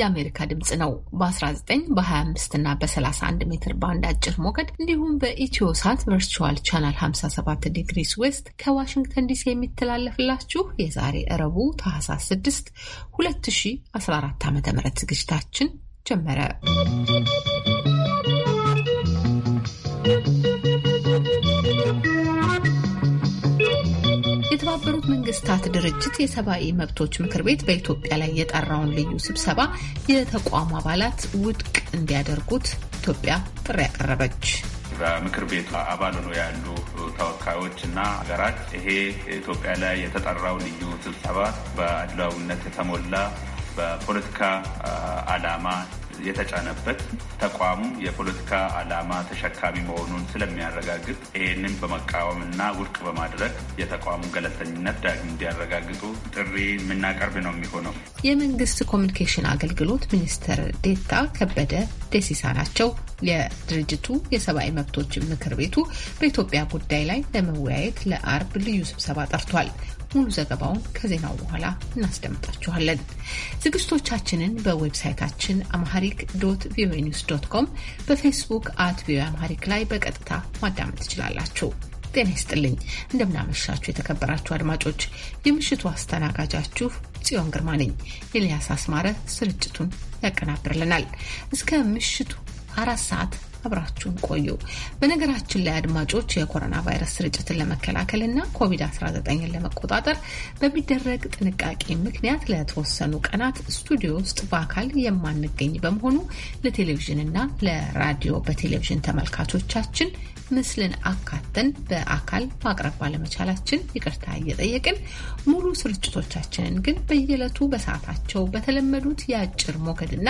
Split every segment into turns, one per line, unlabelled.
የአሜሪካ ድምፅ ነው። በ19 በ25 እና በ31 ሜትር ባንድ አጭር ሞገድ እንዲሁም በኢትዮ ሳት ቨርቹዋል ቻናል 57 ዲግሪስ ዌስት ከዋሽንግተን ዲሲ የሚተላለፍላችሁ የዛሬ እረቡ ታህሳስ 6 2014 ዓ ም ዝግጅታችን ጀመረ። መንግስታት ድርጅት የሰብአዊ መብቶች ምክር ቤት በኢትዮጵያ ላይ የጠራውን ልዩ ስብሰባ የተቋሙ አባላት ውድቅ እንዲያደርጉት ኢትዮጵያ ጥሪ ያቀረበች።
በምክር ቤቱ አባል ሆኖ ያሉ ተወካዮች እና ሀገራት ይሄ ኢትዮጵያ ላይ የተጠራው ልዩ ስብሰባ በአድላዊነት የተሞላ በፖለቲካ አላማ የተጫነበት ተቋሙ የፖለቲካ ዓላማ ተሸካሚ መሆኑን ስለሚያረጋግጥ ይህንን በመቃወምና ውድቅ በማድረግ የተቋሙ ገለልተኝነት ዳግም እንዲያረጋግጡ ጥሪ የምናቀርብ ነው የሚሆነው።
የመንግስት ኮሚኒኬሽን አገልግሎት ሚኒስትር ዴታ ከበደ ደሲሳ ናቸው። የድርጅቱ የሰብአዊ መብቶች ምክር ቤቱ በኢትዮጵያ ጉዳይ ላይ ለመወያየት ለአርብ ልዩ ስብሰባ ጠርቷል። ሙሉ ዘገባውን ከዜናው በኋላ እናስደምጣችኋለን። ዝግጅቶቻችንን በዌብሳይታችን አምሃሪክ ዶት ቪኦኤ ኒውስ ዶት ኮም፣ በፌስቡክ አት ቪኦኤ አምሃሪክ ላይ በቀጥታ ማዳመጥ ትችላላችሁ። ጤና ይስጥልኝ። እንደምናመሻችሁ የተከበራችሁ አድማጮች፣ የምሽቱ አስተናጋጃችሁ ጽዮን ግርማ ነኝ። ኤልያስ አስማረ ስርጭቱን ያቀናብርልናል። እስከ ምሽቱ አራት ሰዓት አብራችሁን ቆዩ። በነገራችን ላይ አድማጮች የኮሮና ቫይረስ ስርጭትን ለመከላከልና ኮቪድ-19ን ለመቆጣጠር በሚደረግ ጥንቃቄ ምክንያት ለተወሰኑ ቀናት ስቱዲዮ ውስጥ በአካል የማንገኝ በመሆኑ ለቴሌቪዥንና ለራዲዮ በቴሌቪዥን ተመልካቾቻችን ምስልን አካተን በአካል ማቅረብ ባለመቻላችን ይቅርታ እየጠየቅን ሙሉ ስርጭቶቻችንን ግን በየዕለቱ በሰዓታቸው በተለመዱት የአጭር ሞገድና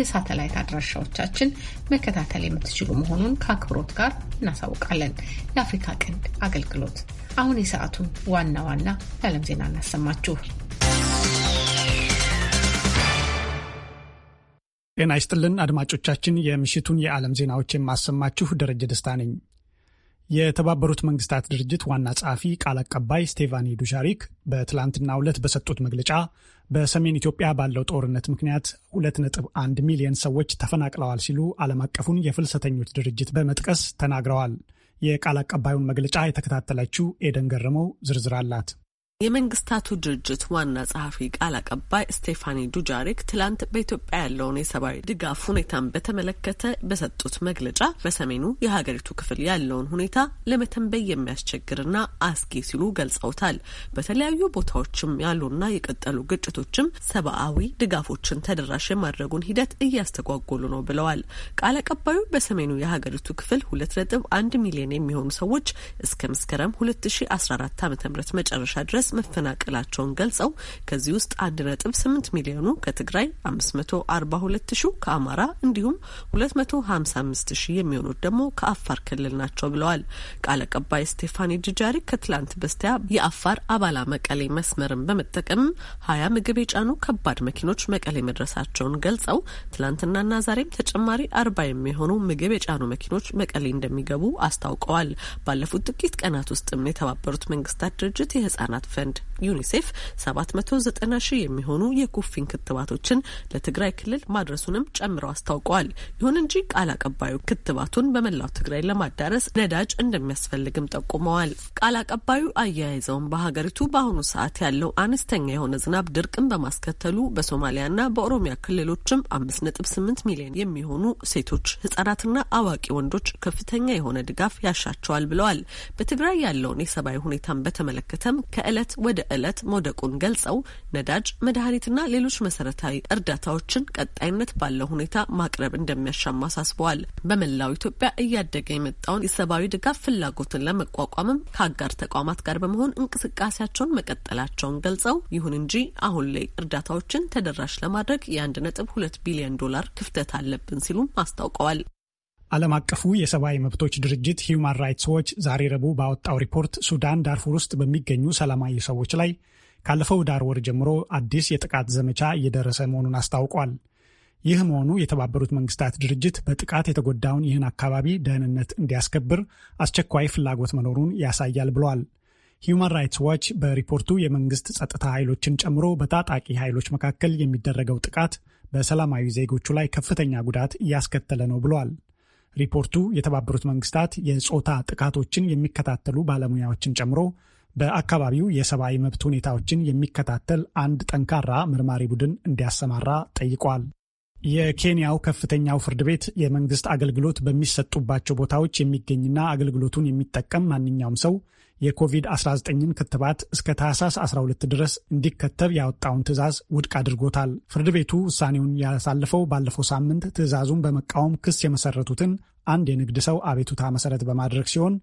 የሳተላይት አድራሻዎቻችን መከታተል የምትችሉ መሆኑን ከአክብሮት ጋር እናሳውቃለን። የአፍሪካ ቀንድ አገልግሎት። አሁን የሰዓቱን ዋና ዋና የዓለም ዜና እናሰማችሁ።
ጤና ይስጥልን አድማጮቻችን፣ የምሽቱን የዓለም ዜናዎች የማሰማችሁ ደረጀ ደስታ ነኝ። የተባበሩት መንግስታት ድርጅት ዋና ጸሐፊ ቃል አቀባይ ስቴቫኒ ዱሻሪክ በትላንትና ዕለት በሰጡት መግለጫ በሰሜን ኢትዮጵያ ባለው ጦርነት ምክንያት 2.1 ሚሊዮን ሰዎች ተፈናቅለዋል ሲሉ ዓለም አቀፉን የፍልሰተኞች ድርጅት በመጥቀስ ተናግረዋል። የቃል አቀባዩን መግለጫ የተከታተለችው ኤደን ገረመው ዝርዝር
አላት። የመንግስታቱ ድርጅት ዋና ጸሐፊ ቃል አቀባይ ስቴፋኒ ዱጃሪክ ትላንት በኢትዮጵያ ያለውን የሰብአዊ ድጋፍ ሁኔታን በተመለከተ በሰጡት መግለጫ በሰሜኑ የሀገሪቱ ክፍል ያለውን ሁኔታ ለመተንበይ የሚያስቸግርና አስጊ ሲሉ ገልጸውታል። በተለያዩ ቦታዎችም ያሉና የቀጠሉ ግጭቶችም ሰብአዊ ድጋፎችን ተደራሽ የማድረጉን ሂደት እያስተጓጎሉ ነው ብለዋል። ቃል አቀባዩ በሰሜኑ የሀገሪቱ ክፍል ሁለት ነጥብ አንድ ሚሊዮን የሚሆኑ ሰዎች እስከ መስከረም ሁለት ሺ አስራ አራት ዓመተ ምህረት መጨረሻ ድረስ መፈናቀላቸውን ገልጸው ከዚህ ውስጥ አንድ ነጥብ ስምንት ሚሊዮኑ ከትግራይ፣ አምስት መቶ አርባ ሁለት ሺ ከአማራ እንዲሁም ሁለት መቶ ሀምሳ አምስት ሺ የሚሆኑት ደግሞ ከአፋር ክልል ናቸው ብለዋል። ቃል አቀባይ ስቴፋኒ ጅጃሪ ከትላንት በስቲያ የአፋር አባላ መቀሌ መስመርን በመጠቀም ሀያ ምግብ የጫኑ ከባድ መኪኖች መቀሌ መድረሳቸውን ገልጸው ትላንትናና ዛሬም ተጨማሪ አርባ የሚሆኑ ምግብ የጫኑ መኪኖች መቀሌ እንደሚገቡ አስታውቀዋል። ባለፉት ጥቂት ቀናት ውስጥም የተባበሩት መንግስታት ድርጅት የህጻናት elephant ዩኒሴፍ 790 ሺህ የሚሆኑ የኩፊን ክትባቶችን ለትግራይ ክልል ማድረሱንም ጨምረው አስታውቀዋል። ይሁን እንጂ ቃል አቀባዩ ክትባቱን በመላው ትግራይ ለማዳረስ ነዳጅ እንደሚያስፈልግም ጠቁመዋል። ቃል አቀባዩ አያይዘውን በሀገሪቱ በአሁኑ ሰዓት ያለው አነስተኛ የሆነ ዝናብ ድርቅን በማስከተሉ በሶማሊያና በኦሮሚያ ክልሎችም 58 ሚሊዮን የሚሆኑ ሴቶች ህጻናትና አዋቂ ወንዶች ከፍተኛ የሆነ ድጋፍ ያሻቸዋል ብለዋል። በትግራይ ያለውን የሰብአዊ ሁኔታን በተመለከተም ከእለት ወደ ዕለት መውደቁን ገልጸው ነዳጅ፣ መድኃኒትና ሌሎች መሰረታዊ እርዳታዎችን ቀጣይነት ባለው ሁኔታ ማቅረብ እንደሚያሻማ አሳስበዋል። በመላው ኢትዮጵያ እያደገ የመጣውን የሰብአዊ ድጋፍ ፍላጎትን ለመቋቋምም ከአጋር ተቋማት ጋር በመሆን እንቅስቃሴያቸውን መቀጠላቸውን ገልጸው ይሁን እንጂ አሁን ላይ እርዳታዎችን ተደራሽ ለማድረግ የአንድ ነጥብ ሁለት ቢሊዮን ዶላር ክፍተት አለብን ሲሉም አስታውቀዋል። ዓለም አቀፉ የሰብአዊ
መብቶች ድርጅት ሂውማን ራይትስ ዎች ዛሬ ረቡዕ ባወጣው ሪፖርት ሱዳን ዳርፉር ውስጥ በሚገኙ ሰላማዊ ሰዎች ላይ ካለፈው ዳር ወር ጀምሮ አዲስ የጥቃት ዘመቻ እየደረሰ መሆኑን አስታውቋል። ይህ መሆኑ የተባበሩት መንግስታት ድርጅት በጥቃት የተጎዳውን ይህን አካባቢ ደህንነት እንዲያስከብር አስቸኳይ ፍላጎት መኖሩን ያሳያል ብሏል። ሂውማን ራይትስ ዋች በሪፖርቱ የመንግስት ጸጥታ ኃይሎችን ጨምሮ በታጣቂ ኃይሎች መካከል የሚደረገው ጥቃት በሰላማዊ ዜጎቹ ላይ ከፍተኛ ጉዳት እያስከተለ ነው ብሏል። ሪፖርቱ የተባበሩት መንግስታት የጾታ ጥቃቶችን የሚከታተሉ ባለሙያዎችን ጨምሮ በአካባቢው የሰብአዊ መብት ሁኔታዎችን የሚከታተል አንድ ጠንካራ መርማሪ ቡድን እንዲያሰማራ ጠይቋል። የኬንያው ከፍተኛው ፍርድ ቤት የመንግስት አገልግሎት በሚሰጡባቸው ቦታዎች የሚገኝና አገልግሎቱን የሚጠቀም ማንኛውም ሰው የኮቪድ-19ን ክትባት እስከ ታህሳስ 12 ድረስ እንዲከተብ ያወጣውን ትዕዛዝ ውድቅ አድርጎታል። ፍርድ ቤቱ ውሳኔውን ያሳለፈው ባለፈው ሳምንት ትዕዛዙን በመቃወም ክስ የመሰረቱትን አንድ የንግድ ሰው አቤቱታ መሰረት በማድረግ ሲሆን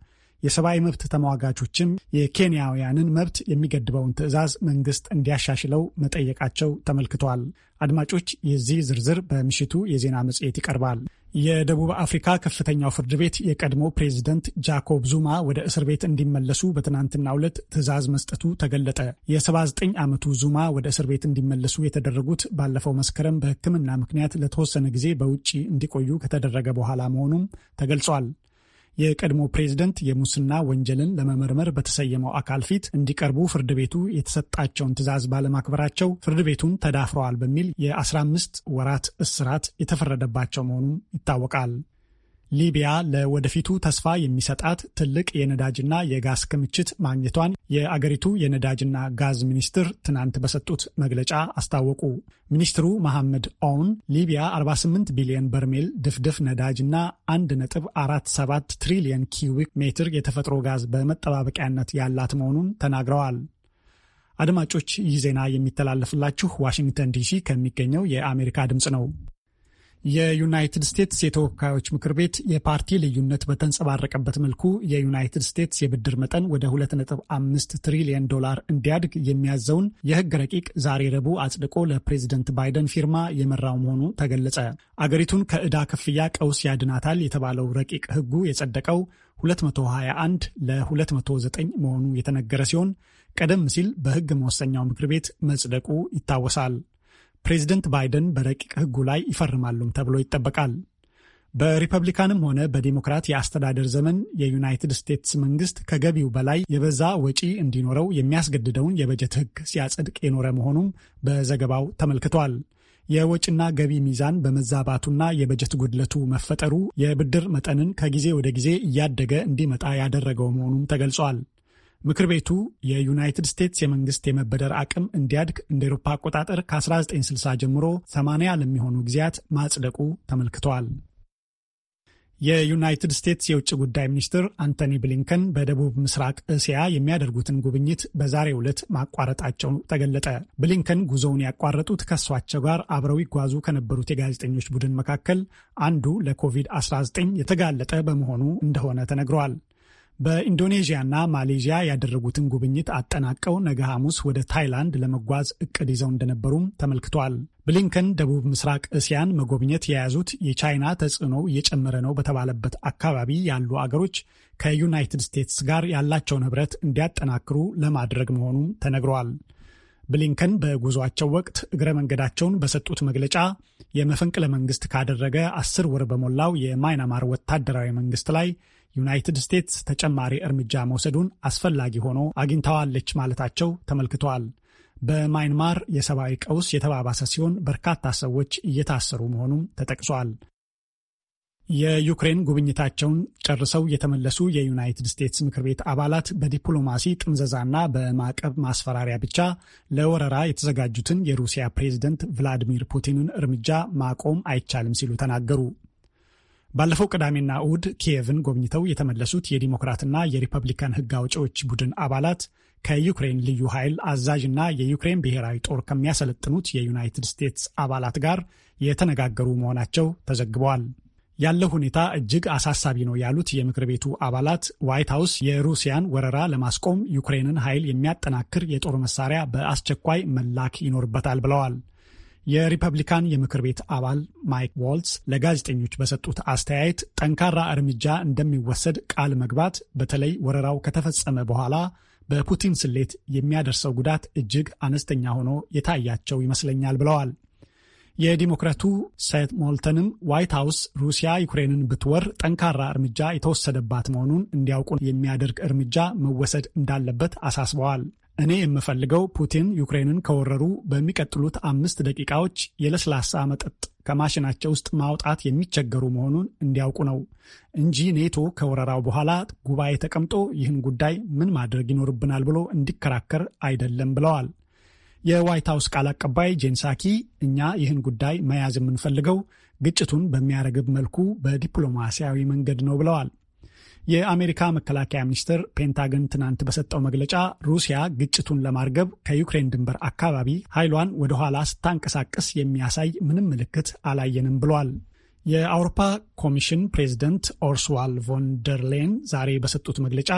የሰብአዊ መብት ተሟጋቾችም የኬንያውያንን መብት የሚገድበውን ትዕዛዝ መንግስት እንዲያሻሽለው መጠየቃቸው ተመልክቷል። አድማጮች፣ የዚህ ዝርዝር በምሽቱ የዜና መጽሔት ይቀርባል። የደቡብ አፍሪካ ከፍተኛው ፍርድ ቤት የቀድሞ ፕሬዝደንት ጃኮብ ዙማ ወደ እስር ቤት እንዲመለሱ በትናንትናው ዕለት ትዕዛዝ መስጠቱ ተገለጠ። የ79 ዓመቱ ዙማ ወደ እስር ቤት እንዲመለሱ የተደረጉት ባለፈው መስከረም በሕክምና ምክንያት ለተወሰነ ጊዜ በውጭ እንዲቆዩ ከተደረገ በኋላ መሆኑም ተገልጿል። የቀድሞ ፕሬዝደንት የሙስና ወንጀልን ለመመርመር በተሰየመው አካል ፊት እንዲቀርቡ ፍርድ ቤቱ የተሰጣቸውን ትዕዛዝ ባለማክበራቸው ፍርድ ቤቱን ተዳፍረዋል በሚል የ15 ወራት እስራት የተፈረደባቸው መሆኑም ይታወቃል። ሊቢያ ለወደፊቱ ተስፋ የሚሰጣት ትልቅ የነዳጅና የጋዝ ክምችት ማግኘቷን የአገሪቱ የነዳጅና ጋዝ ሚኒስትር ትናንት በሰጡት መግለጫ አስታወቁ። ሚኒስትሩ መሐመድ ኦውን ሊቢያ 48 ቢሊዮን በርሜል ድፍድፍ ነዳጅና 1.47 ትሪሊየን ኪዩቢክ ሜትር የተፈጥሮ ጋዝ በመጠባበቂያነት ያላት መሆኑን ተናግረዋል። አድማጮች፣ ይህ ዜና የሚተላለፍላችሁ ዋሽንግተን ዲሲ ከሚገኘው የአሜሪካ ድምፅ ነው። የዩናይትድ ስቴትስ የተወካዮች ምክር ቤት የፓርቲ ልዩነት በተንጸባረቀበት መልኩ የዩናይትድ ስቴትስ የብድር መጠን ወደ 2.5 ትሪሊየን ዶላር እንዲያድግ የሚያዘውን የሕግ ረቂቅ ዛሬ ረቡዕ አጽድቆ ለፕሬዝደንት ባይደን ፊርማ የመራው መሆኑ ተገለጸ። አገሪቱን ከዕዳ ክፍያ ቀውስ ያድናታል የተባለው ረቂቅ ሕጉ የጸደቀው 221 ለ209 መሆኑ የተነገረ ሲሆን ቀደም ሲል በሕግ መወሰኛው ምክር ቤት መጽደቁ ይታወሳል። ፕሬዚደንት ባይደን በረቂቅ ሕጉ ላይ ይፈርማሉም ተብሎ ይጠበቃል። በሪፐብሊካንም ሆነ በዲሞክራት የአስተዳደር ዘመን የዩናይትድ ስቴትስ መንግስት ከገቢው በላይ የበዛ ወጪ እንዲኖረው የሚያስገድደውን የበጀት ህግ ሲያጸድቅ የኖረ መሆኑም በዘገባው ተመልክቷል። የወጪና ገቢ ሚዛን በመዛባቱና የበጀት ጉድለቱ መፈጠሩ የብድር መጠንን ከጊዜ ወደ ጊዜ እያደገ እንዲመጣ ያደረገው መሆኑም ተገልጿል። ምክር ቤቱ የዩናይትድ ስቴትስ የመንግስት የመበደር አቅም እንዲያድግ እንደ ኤሮፓ አቆጣጠር ከ1960 ጀምሮ 80 ለሚሆኑ ጊዜያት ማጽደቁ ተመልክተዋል። የዩናይትድ ስቴትስ የውጭ ጉዳይ ሚኒስትር አንቶኒ ብሊንከን በደቡብ ምስራቅ እስያ የሚያደርጉትን ጉብኝት በዛሬው ዕለት ማቋረጣቸው ተገለጠ። ብሊንከን ጉዞውን ያቋረጡት ከሷቸው ጋር አብረው ይጓዙ ከነበሩት የጋዜጠኞች ቡድን መካከል አንዱ ለኮቪድ-19 የተጋለጠ በመሆኑ እንደሆነ ተነግረዋል። በኢንዶኔዥያና ማሌዥያ ያደረጉትን ጉብኝት አጠናቀው ነገ ሐሙስ ወደ ታይላንድ ለመጓዝ እቅድ ይዘው እንደነበሩም ተመልክቷል። ብሊንከን ደቡብ ምስራቅ እስያን መጎብኘት የያዙት የቻይና ተጽዕኖ እየጨመረ ነው በተባለበት አካባቢ ያሉ አገሮች ከዩናይትድ ስቴትስ ጋር ያላቸውን ኅብረት እንዲያጠናክሩ ለማድረግ መሆኑም ተነግረዋል። ብሊንከን በጉዞአቸው ወቅት እግረ መንገዳቸውን በሰጡት መግለጫ የመፈንቅለ መንግስት ካደረገ አስር ወር በሞላው የማይናማር ወታደራዊ መንግስት ላይ ዩናይትድ ስቴትስ ተጨማሪ እርምጃ መውሰዱን አስፈላጊ ሆኖ አግኝተዋለች ማለታቸው ተመልክቷል። በማይንማር የሰብአዊ ቀውስ የተባባሰ ሲሆን በርካታ ሰዎች እየታሰሩ መሆኑም ተጠቅሷል። የዩክሬን ጉብኝታቸውን ጨርሰው የተመለሱ የዩናይትድ ስቴትስ ምክር ቤት አባላት በዲፕሎማሲ ጥምዘዛና በማዕቀብ ማስፈራሪያ ብቻ ለወረራ የተዘጋጁትን የሩሲያ ፕሬዝደንት ቭላዲሚር ፑቲንን እርምጃ ማቆም አይቻልም ሲሉ ተናገሩ። ባለፈው ቅዳሜና እሁድ ኪየቭን ጎብኝተው የተመለሱት የዲሞክራትና የሪፐብሊካን ሕግ አውጪዎች ቡድን አባላት ከዩክሬን ልዩ ኃይል አዛዥና የዩክሬን ብሔራዊ ጦር ከሚያሰለጥኑት የዩናይትድ ስቴትስ አባላት ጋር የተነጋገሩ መሆናቸው ተዘግበዋል። ያለው ሁኔታ እጅግ አሳሳቢ ነው ያሉት የምክር ቤቱ አባላት ዋይት ሀውስ የሩሲያን ወረራ ለማስቆም ዩክሬንን ኃይል የሚያጠናክር የጦር መሳሪያ በአስቸኳይ መላክ ይኖርበታል ብለዋል። የሪፐብሊካን የምክር ቤት አባል ማይክ ዋልትስ ለጋዜጠኞች በሰጡት አስተያየት ጠንካራ እርምጃ እንደሚወሰድ ቃል መግባት፣ በተለይ ወረራው ከተፈጸመ በኋላ በፑቲን ስሌት የሚያደርሰው ጉዳት እጅግ አነስተኛ ሆኖ የታያቸው ይመስለኛል ብለዋል። የዲሞክራቱ ሴት ሞልተንም ዋይት ሀውስ ሩሲያ ዩክሬንን ብትወር ጠንካራ እርምጃ የተወሰደባት መሆኑን እንዲያውቁ የሚያደርግ እርምጃ መወሰድ እንዳለበት አሳስበዋል። እኔ የምፈልገው ፑቲን ዩክሬንን ከወረሩ በሚቀጥሉት አምስት ደቂቃዎች የለስላሳ መጠጥ ከማሽናቸው ውስጥ ማውጣት የሚቸገሩ መሆኑን እንዲያውቁ ነው እንጂ ኔቶ ከወረራው በኋላ ጉባኤ ተቀምጦ ይህን ጉዳይ ምን ማድረግ ይኖርብናል ብሎ እንዲከራከር አይደለም ብለዋል። የዋይት ሀውስ ቃል አቀባይ ጄንሳኪ እኛ ይህን ጉዳይ መያዝ የምንፈልገው ግጭቱን በሚያረግብ መልኩ በዲፕሎማሲያዊ መንገድ ነው ብለዋል። የአሜሪካ መከላከያ ሚኒስቴር ፔንታገን ትናንት በሰጠው መግለጫ ሩሲያ ግጭቱን ለማርገብ ከዩክሬን ድንበር አካባቢ ኃይሏን ወደ ኋላ ስታንቀሳቅስ የሚያሳይ ምንም ምልክት አላየንም ብሏል። የአውሮፓ ኮሚሽን ፕሬዝደንት ኦርስዋል ቮንደርሌን ዛሬ በሰጡት መግለጫ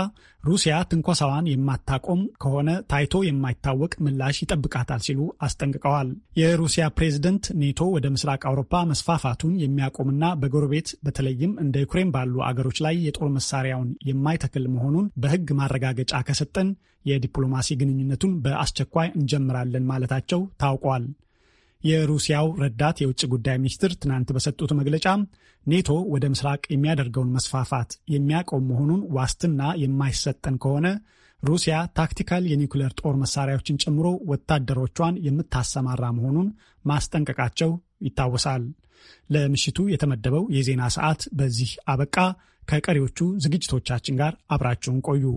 ሩሲያ ትንኮሳዋን የማታቆም ከሆነ ታይቶ የማይታወቅ ምላሽ ይጠብቃታል ሲሉ አስጠንቅቀዋል። የሩሲያ ፕሬዝደንት ኔቶ ወደ ምስራቅ አውሮፓ መስፋፋቱን የሚያቆምና በጎረቤት በተለይም እንደ ዩክሬን ባሉ አገሮች ላይ የጦር መሳሪያውን የማይተክል መሆኑን በሕግ ማረጋገጫ ከሰጠን የዲፕሎማሲ ግንኙነቱን በአስቸኳይ እንጀምራለን ማለታቸው ታውቋል። የሩሲያው ረዳት የውጭ ጉዳይ ሚኒስትር ትናንት በሰጡት መግለጫ ኔቶ ወደ ምስራቅ የሚያደርገውን መስፋፋት የሚያቆም መሆኑን ዋስትና የማይሰጠን ከሆነ ሩሲያ ታክቲካል የኒውክሌር ጦር መሳሪያዎችን ጨምሮ ወታደሮቿን የምታሰማራ መሆኑን ማስጠንቀቃቸው ይታወሳል። ለምሽቱ የተመደበው የዜና ሰዓት በዚህ አበቃ። ከቀሪዎቹ ዝግጅቶቻችን ጋር አብራችሁን ቆዩ።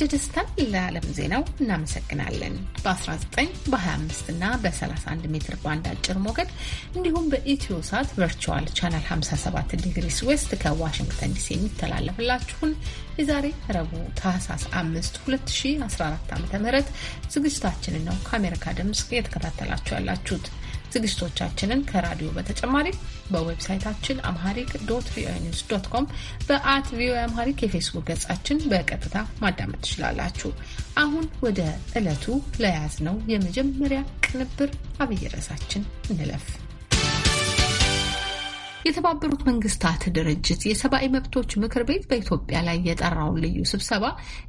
ደረጀ ደስታን ለዓለም ዜናው እናመሰግናለን። በ19 በ25 እና በ31 ሜትር ባንድ አጭር ሞገድ እንዲሁም በኢትዮ ሳት ቨርቹዋል ቻናል 57 ዲግሪስ ዌስት ከዋሽንግተን ዲሲ የሚተላለፍላችሁን የዛሬ ረቡዕ ታህሳስ 5 2014 ዓ ም ዝግጅታችንን ነው ከአሜሪካ ድምፅ እየተከታተላችሁ ያላችሁት። ዝግጅቶቻችንን ከራዲዮ በተጨማሪ በዌብሳይታችን አምሃሪክ ዶት ቪኦኤ ኒውስ ዶት ኮም፣ በአት ቪኦኤ አምሃሪክ የፌስቡክ ገጻችን በቀጥታ ማዳመጥ ትችላላችሁ። አሁን ወደ ዕለቱ ለያዝ ነው የመጀመሪያ ቅንብር አብይ ርዕሳችን እንለፍ። የተባበሩት መንግስታት ድርጅት የሰብአዊ መብቶች ምክር ቤት በኢትዮጵያ ላይ የጠራውን ልዩ ስብሰባ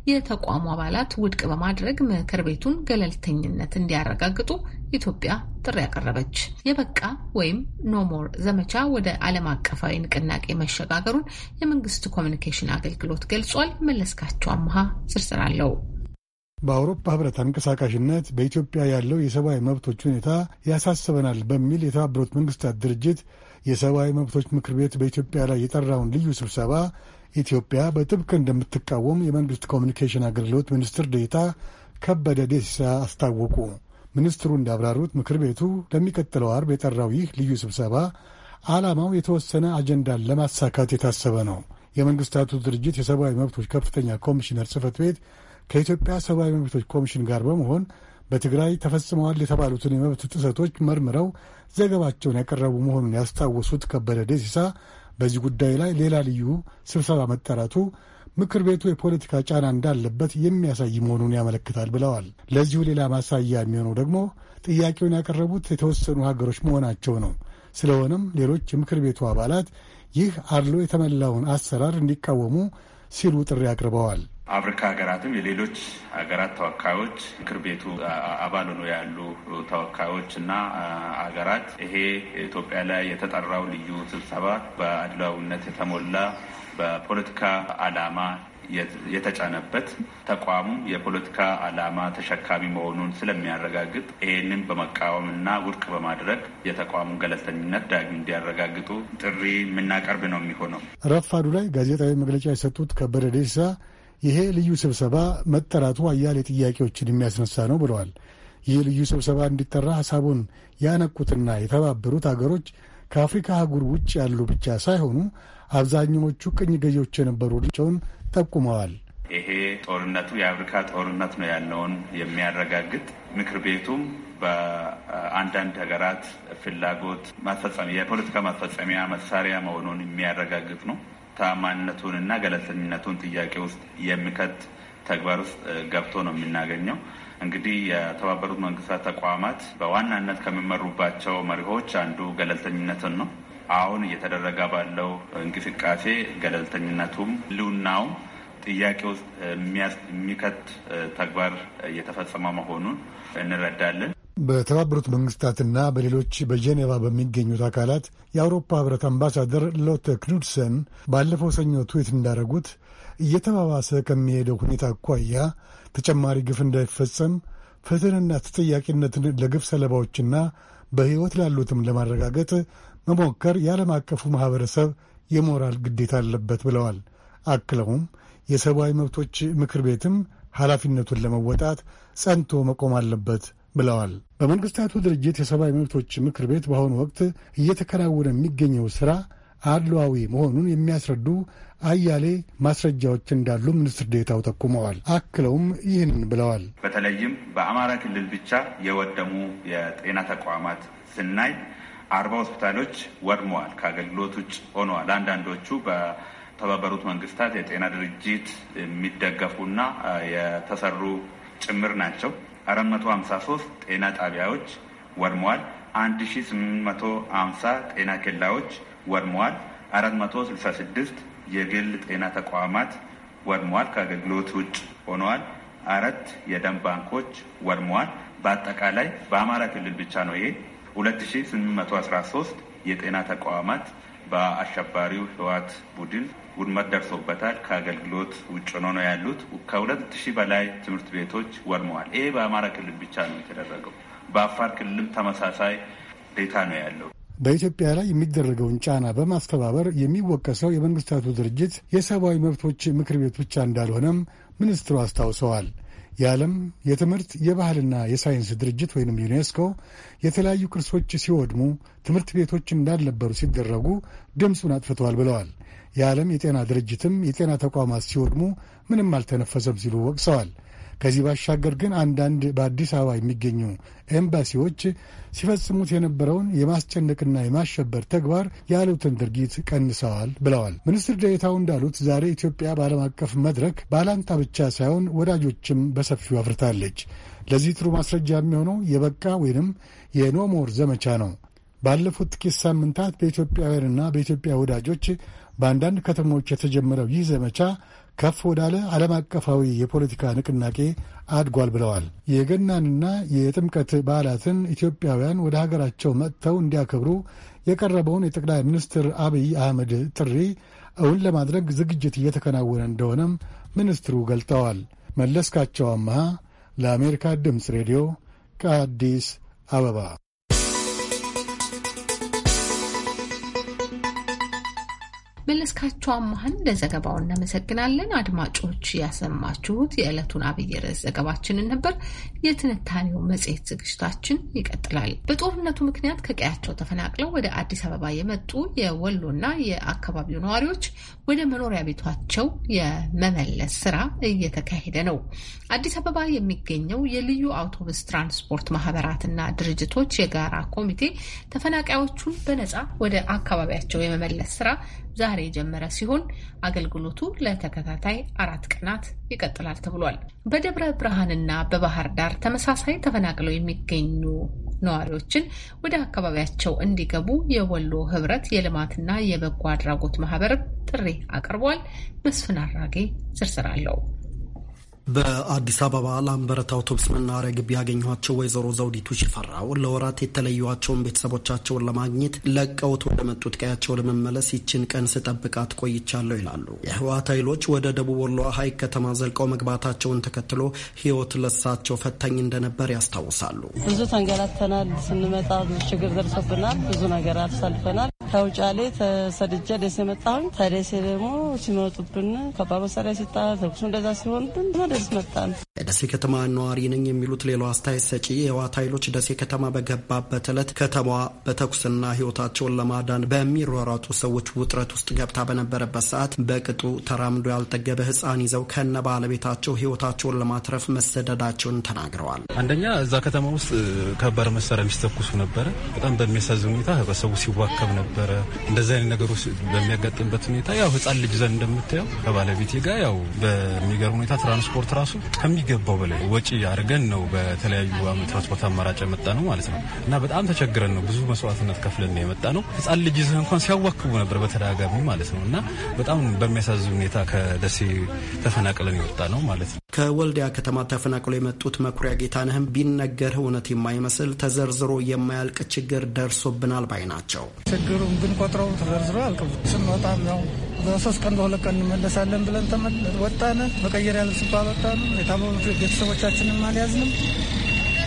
የተቋሙ አባላት ውድቅ በማድረግ ምክር ቤቱን ገለልተኝነት እንዲያረጋግጡ ኢትዮጵያ ጥሪ ያቀረበች የበቃ ወይም ኖሞር ዘመቻ ወደ ዓለም አቀፋዊ ንቅናቄ መሸጋገሩን የመንግስት ኮሚኒኬሽን አገልግሎት ገልጿል። መለስካቸው አመሃ
ዝርዝር አለው። በአውሮፓ ህብረት አንቀሳቃሽነት በኢትዮጵያ ያለው የሰብአዊ መብቶች ሁኔታ ያሳስበናል በሚል የተባበሩት መንግስታት ድርጅት የሰብአዊ መብቶች ምክር ቤት በኢትዮጵያ ላይ የጠራውን ልዩ ስብሰባ ኢትዮጵያ በጥብቅ እንደምትቃወም የመንግስት ኮሚኒኬሽን አገልግሎት ሚኒስትር ዴታ ከበደ ደሲሳ አስታወቁ። ሚኒስትሩ እንዳብራሩት ምክር ቤቱ ለሚቀጥለው አርብ የጠራው ይህ ልዩ ስብሰባ ዓላማው የተወሰነ አጀንዳን ለማሳካት የታሰበ ነው። የመንግስታቱ ድርጅት የሰብአዊ መብቶች ከፍተኛ ኮሚሽነር ጽህፈት ቤት ከኢትዮጵያ ሰብአዊ መብቶች ኮሚሽን ጋር በመሆን በትግራይ ተፈጽመዋል የተባሉትን የመብት ጥሰቶች መርምረው ዘገባቸውን ያቀረቡ መሆኑን ያስታወሱት ከበደ ደሲሳ በዚህ ጉዳይ ላይ ሌላ ልዩ ስብሰባ መጠራቱ ምክር ቤቱ የፖለቲካ ጫና እንዳለበት የሚያሳይ መሆኑን ያመለክታል ብለዋል። ለዚሁ ሌላ ማሳያ የሚሆነው ደግሞ ጥያቄውን ያቀረቡት የተወሰኑ ሀገሮች መሆናቸው ነው። ስለሆነም ሌሎች የምክር ቤቱ አባላት ይህ አድሎ የተመላውን አሰራር እንዲቃወሙ ሲሉ ጥሪ አቅርበዋል።
አፍሪካ ሀገራትም የሌሎች ሀገራት ተወካዮች ምክር ቤቱ አባል ሆኖ ያሉ ተወካዮች እና ሀገራት ይሄ ኢትዮጵያ ላይ የተጠራው ልዩ ስብሰባ በአድላዊነት የተሞላ በፖለቲካ ዓላማ የተጫነበት ተቋሙ የፖለቲካ ዓላማ ተሸካሚ መሆኑን ስለሚያረጋግጥ ይህንን በመቃወምና ውድቅ በማድረግ የተቋሙን ገለልተኝነት ዳግም እንዲያረጋግጡ ጥሪ የምናቀርብ ነው የሚሆነው።
ረፋዱ ላይ ጋዜጣዊ መግለጫ የሰጡት ከበደ ይሄ ልዩ ስብሰባ መጠራቱ አያሌ ጥያቄዎችን የሚያስነሳ ነው ብለዋል። ይህ ልዩ ስብሰባ እንዲጠራ ሀሳቡን ያነቁትና የተባበሩት አገሮች ከአፍሪካ አህጉር ውጭ ያሉ ብቻ ሳይሆኑ አብዛኛዎቹ ቅኝ ገዢዎች የነበሩ ቸውን ጠቁመዋል።
ይሄ ጦርነቱ የአፍሪካ ጦርነት ነው ያለውን የሚያረጋግጥ ምክር ቤቱም በአንዳንድ ሀገራት ፍላጎት ማስፈጸሚያ የፖለቲካ ማስፈጸሚያ መሳሪያ መሆኑን የሚያረጋግጥ ነው። ታማኝነቱን እና ገለልተኝነቱን ጥያቄ ውስጥ የሚከት ተግባር ውስጥ ገብቶ ነው የምናገኘው። እንግዲህ የተባበሩት መንግስታት ተቋማት በዋናነት ከሚመሩባቸው መሪሆች አንዱ ገለልተኝነትን ነው። አሁን እየተደረገ ባለው እንቅስቃሴ ገለልተኝነቱም ህልውናውም ጥያቄ ውስጥ የሚከት ተግባር እየተፈጸመ መሆኑን እንረዳለን።
በተባበሩት መንግስታትና በሌሎች በጄኔቫ በሚገኙት አካላት የአውሮፓ ህብረት አምባሳደር ሎተ ክኑድሰን ባለፈው ሰኞ ትዊት እንዳደረጉት እየተባባሰ ከሚሄደው ሁኔታ አኳያ ተጨማሪ ግፍ እንዳይፈጸም ፍትህንና ተጠያቂነትን ለግፍ ሰለባዎችና በሕይወት ላሉትም ለማረጋገጥ መሞከር የዓለም አቀፉ ማኅበረሰብ የሞራል ግዴታ አለበት ብለዋል። አክለውም የሰብአዊ መብቶች ምክር ቤትም ኃላፊነቱን ለመወጣት ጸንቶ መቆም አለበት ብለዋል። በመንግስታቱ ድርጅት የሰብአዊ መብቶች ምክር ቤት በአሁኑ ወቅት እየተከናወነ የሚገኘው ሥራ አድሏዊ መሆኑን የሚያስረዱ አያሌ ማስረጃዎች እንዳሉ ሚኒስትር ዴታው ጠቁመዋል። አክለውም ይህንን ብለዋል።
በተለይም በአማራ ክልል ብቻ የወደሙ የጤና ተቋማት ስናይ አርባ ሆስፒታሎች ወድመዋል፣ ከአገልግሎት ውጭ ሆነዋል። አንዳንዶቹ በተባበሩት መንግስታት የጤና ድርጅት የሚደገፉና የተሰሩ ጭምር ናቸው። 453 ጤና ጣቢያዎች ወድመዋል። 1850 ጤና ኬላዎች ወድመዋል። 466 የግል ጤና ተቋማት ወድመዋል፣ ከአገልግሎት ውጭ ሆነዋል። አራት የደም ባንኮች ወድመዋል። በአጠቃላይ በአማራ ክልል ብቻ ነው ይሄ 2813 የጤና ተቋማት በአሸባሪው ህወሓት ቡድን ውድመት ደርሶበታል። ከአገልግሎት ውጭ ሆኖ ነው ያሉት። ከሁለት ሺህ በላይ ትምህርት ቤቶች ወድመዋል። ይሄ በአማራ ክልል ብቻ ነው የተደረገው። በአፋር ክልልም ተመሳሳይ ዴታ ነው ያለው።
በኢትዮጵያ ላይ የሚደረገውን ጫና በማስተባበር የሚወቀሰው የመንግስታቱ ድርጅት የሰብአዊ መብቶች ምክር ቤት ብቻ እንዳልሆነም ሚኒስትሩ አስታውሰዋል። የዓለም የትምህርት የባህልና የሳይንስ ድርጅት ወይም ዩኔስኮ የተለያዩ ቅርሶች ሲወድሙ ትምህርት ቤቶች እንዳልነበሩ ሲደረጉ ድምፁን አጥፍተዋል ብለዋል። የዓለም የጤና ድርጅትም የጤና ተቋማት ሲወድሙ ምንም አልተነፈሰም ሲሉ ወቅሰዋል። ከዚህ ባሻገር ግን አንዳንድ በአዲስ አበባ የሚገኙ ኤምባሲዎች ሲፈጽሙት የነበረውን የማስጨነቅና የማሸበር ተግባር ያሉትን ድርጊት ቀንሰዋል ብለዋል። ሚኒስትር ደኤታው እንዳሉት ዛሬ ኢትዮጵያ በዓለም አቀፍ መድረክ ባላንጣ ብቻ ሳይሆን ወዳጆችም በሰፊው አፍርታለች። ለዚህ ጥሩ ማስረጃ የሚሆነው የበቃ ወይንም የኖሞር ዘመቻ ነው። ባለፉት ጥቂት ሳምንታት በኢትዮጵያውያንና በኢትዮጵያ ወዳጆች በአንዳንድ ከተሞች የተጀመረው ይህ ዘመቻ ከፍ ወዳለ ዓለም አቀፋዊ የፖለቲካ ንቅናቄ አድጓል ብለዋል። የገናንና የጥምቀት በዓላትን ኢትዮጵያውያን ወደ ሀገራቸው መጥተው እንዲያከብሩ የቀረበውን የጠቅላይ ሚኒስትር አብይ አህመድ ጥሪ እውን ለማድረግ ዝግጅት እየተከናወነ እንደሆነም ሚኒስትሩ ገልጠዋል። መለስካቸው አመሃ ለአሜሪካ ድምፅ ሬዲዮ ከአዲስ አበባ
መለስካቸው አማህን ለዘገባው እናመሰግናለን። አድማጮች ያሰማችሁት የዕለቱን አብይ ርዕስ ዘገባችንን ነበር። የትንታኔው መጽሔት ዝግጅታችን ይቀጥላል። በጦርነቱ ምክንያት ከቀያቸው ተፈናቅለው ወደ አዲስ አበባ የመጡ የወሎና የአካባቢው ነዋሪዎች ወደ መኖሪያ ቤቷቸው የመመለስ ስራ እየተካሄደ ነው። አዲስ አበባ የሚገኘው የልዩ አውቶቡስ ትራንስፖርት ማህበራትና ድርጅቶች የጋራ ኮሚቴ ተፈናቃዮቹን በነፃ ወደ አካባቢያቸው የመመለስ ስራ ዛሬ የጀመረ ሲሆን አገልግሎቱ ለተከታታይ አራት ቀናት ይቀጥላል ተብሏል። በደብረ ብርሃንና በባህር ዳር ተመሳሳይ ተፈናቅለው የሚገኙ ነዋሪዎችን ወደ አካባቢያቸው እንዲገቡ የወሎ ህብረት የልማትና የበጎ አድራጎት ማህበር ጥሪ አቅርቧል። መስፍን አራጌ
ዝርዝር አለው።
በአዲስ አበባ ላምበረት አውቶብስ መናኸሪያ ግቢ ያገኘኋቸው ወይዘሮ ዘውዲቱ ሽፈራው ለወራት የተለዩዋቸውን ቤተሰቦቻቸውን ለማግኘት ለቀውት ወደ መጡት ቀያቸው ለመመለስ ይችን ቀን ስጠብቃት ቆይቻለሁ ይላሉ። የህወሓት ኃይሎች ወደ ደቡብ ወሎ ሀይቅ ከተማ ዘልቀው መግባታቸውን ተከትሎ ህይወት ለሳቸው ፈታኝ እንደነበር ያስታውሳሉ።
ብዙ ተንገላተናል። ስንመጣ ብዙ ችግር ደርሶብናል። ብዙ ነገር አሳልፈናል። ከውጫሌ ተሰድጀ ደሴ መጣሁኝ። ተደሴ ደግሞ ሲመጡብን ከባድ መሳሪያ ሲጣ ተኩሱ እንደዛ ሲሆንብን ያስመጣል።
የደሴ ከተማ ነዋሪ ነኝ የሚሉት ሌላው አስተያየት ሰጪ የህወሓት ኃይሎች ደሴ ከተማ በገባበት ዕለት ከተማዋ በተኩስና ህይወታቸውን ለማዳን በሚሯሯጡ ሰዎች ውጥረት ውስጥ ገብታ በነበረበት ሰዓት በቅጡ ተራምዶ ያልጠገበ ህፃን ይዘው ከነ ባለቤታቸው ህይወታቸውን ለማትረፍ መሰደዳቸውን ተናግረዋል።
አንደኛ እዛ ከተማ ውስጥ ከባድ መሳሪያ የሚተኩሱ ነበረ። በጣም በሚያሳዝን ሁኔታ ህብረተሰቡ ሲዋከብ ነበረ። እንደዚህ አይነት ነገሮች በሚያጋጥምበት ሁኔታ ያው ህፃን ልጅ ዘን እንደምታየው ከባለቤቴ ጋር ያው በሚገርም ሁኔታ ትራንስፖርት ትራንስፖርት ራሱ ከሚገባው በላይ ወጪ አድርገን ነው በተለያዩ ትራንስፖርት አማራጭ የመጣ ነው ማለት ነው እና በጣም ተቸግረን ነው ብዙ መስዋዕትነት ከፍለን ነው የመጣ ነው። ህጻን ልጅ እንኳን ሲያዋክቡ ነበር በተደጋጋሚ ማለት ነው እና በጣም በሚያሳዝን ሁኔታ ከደሴ ተፈናቅለን የወጣ ነው ማለት ነው።
ከወልዲያ ከተማ ተፈናቅሎ የመጡት መኩሪያ ጌታነህም ቢነገር እውነት የማይመስል ተዘርዝሮ የማያልቅ ችግር ደርሶብናል ባይ ናቸው።
ችግሩን ብንቆጥረው ተዘርዝሮ አልቅም። ስንወጣም ነው በሶስት ቀን በሁለት ቀን እንመለሳለን ብለን ወጣነ መቀየር ያለ ባለ አላወጣንም። የታመሙ ቤተሰቦቻችንም አልያዝንም።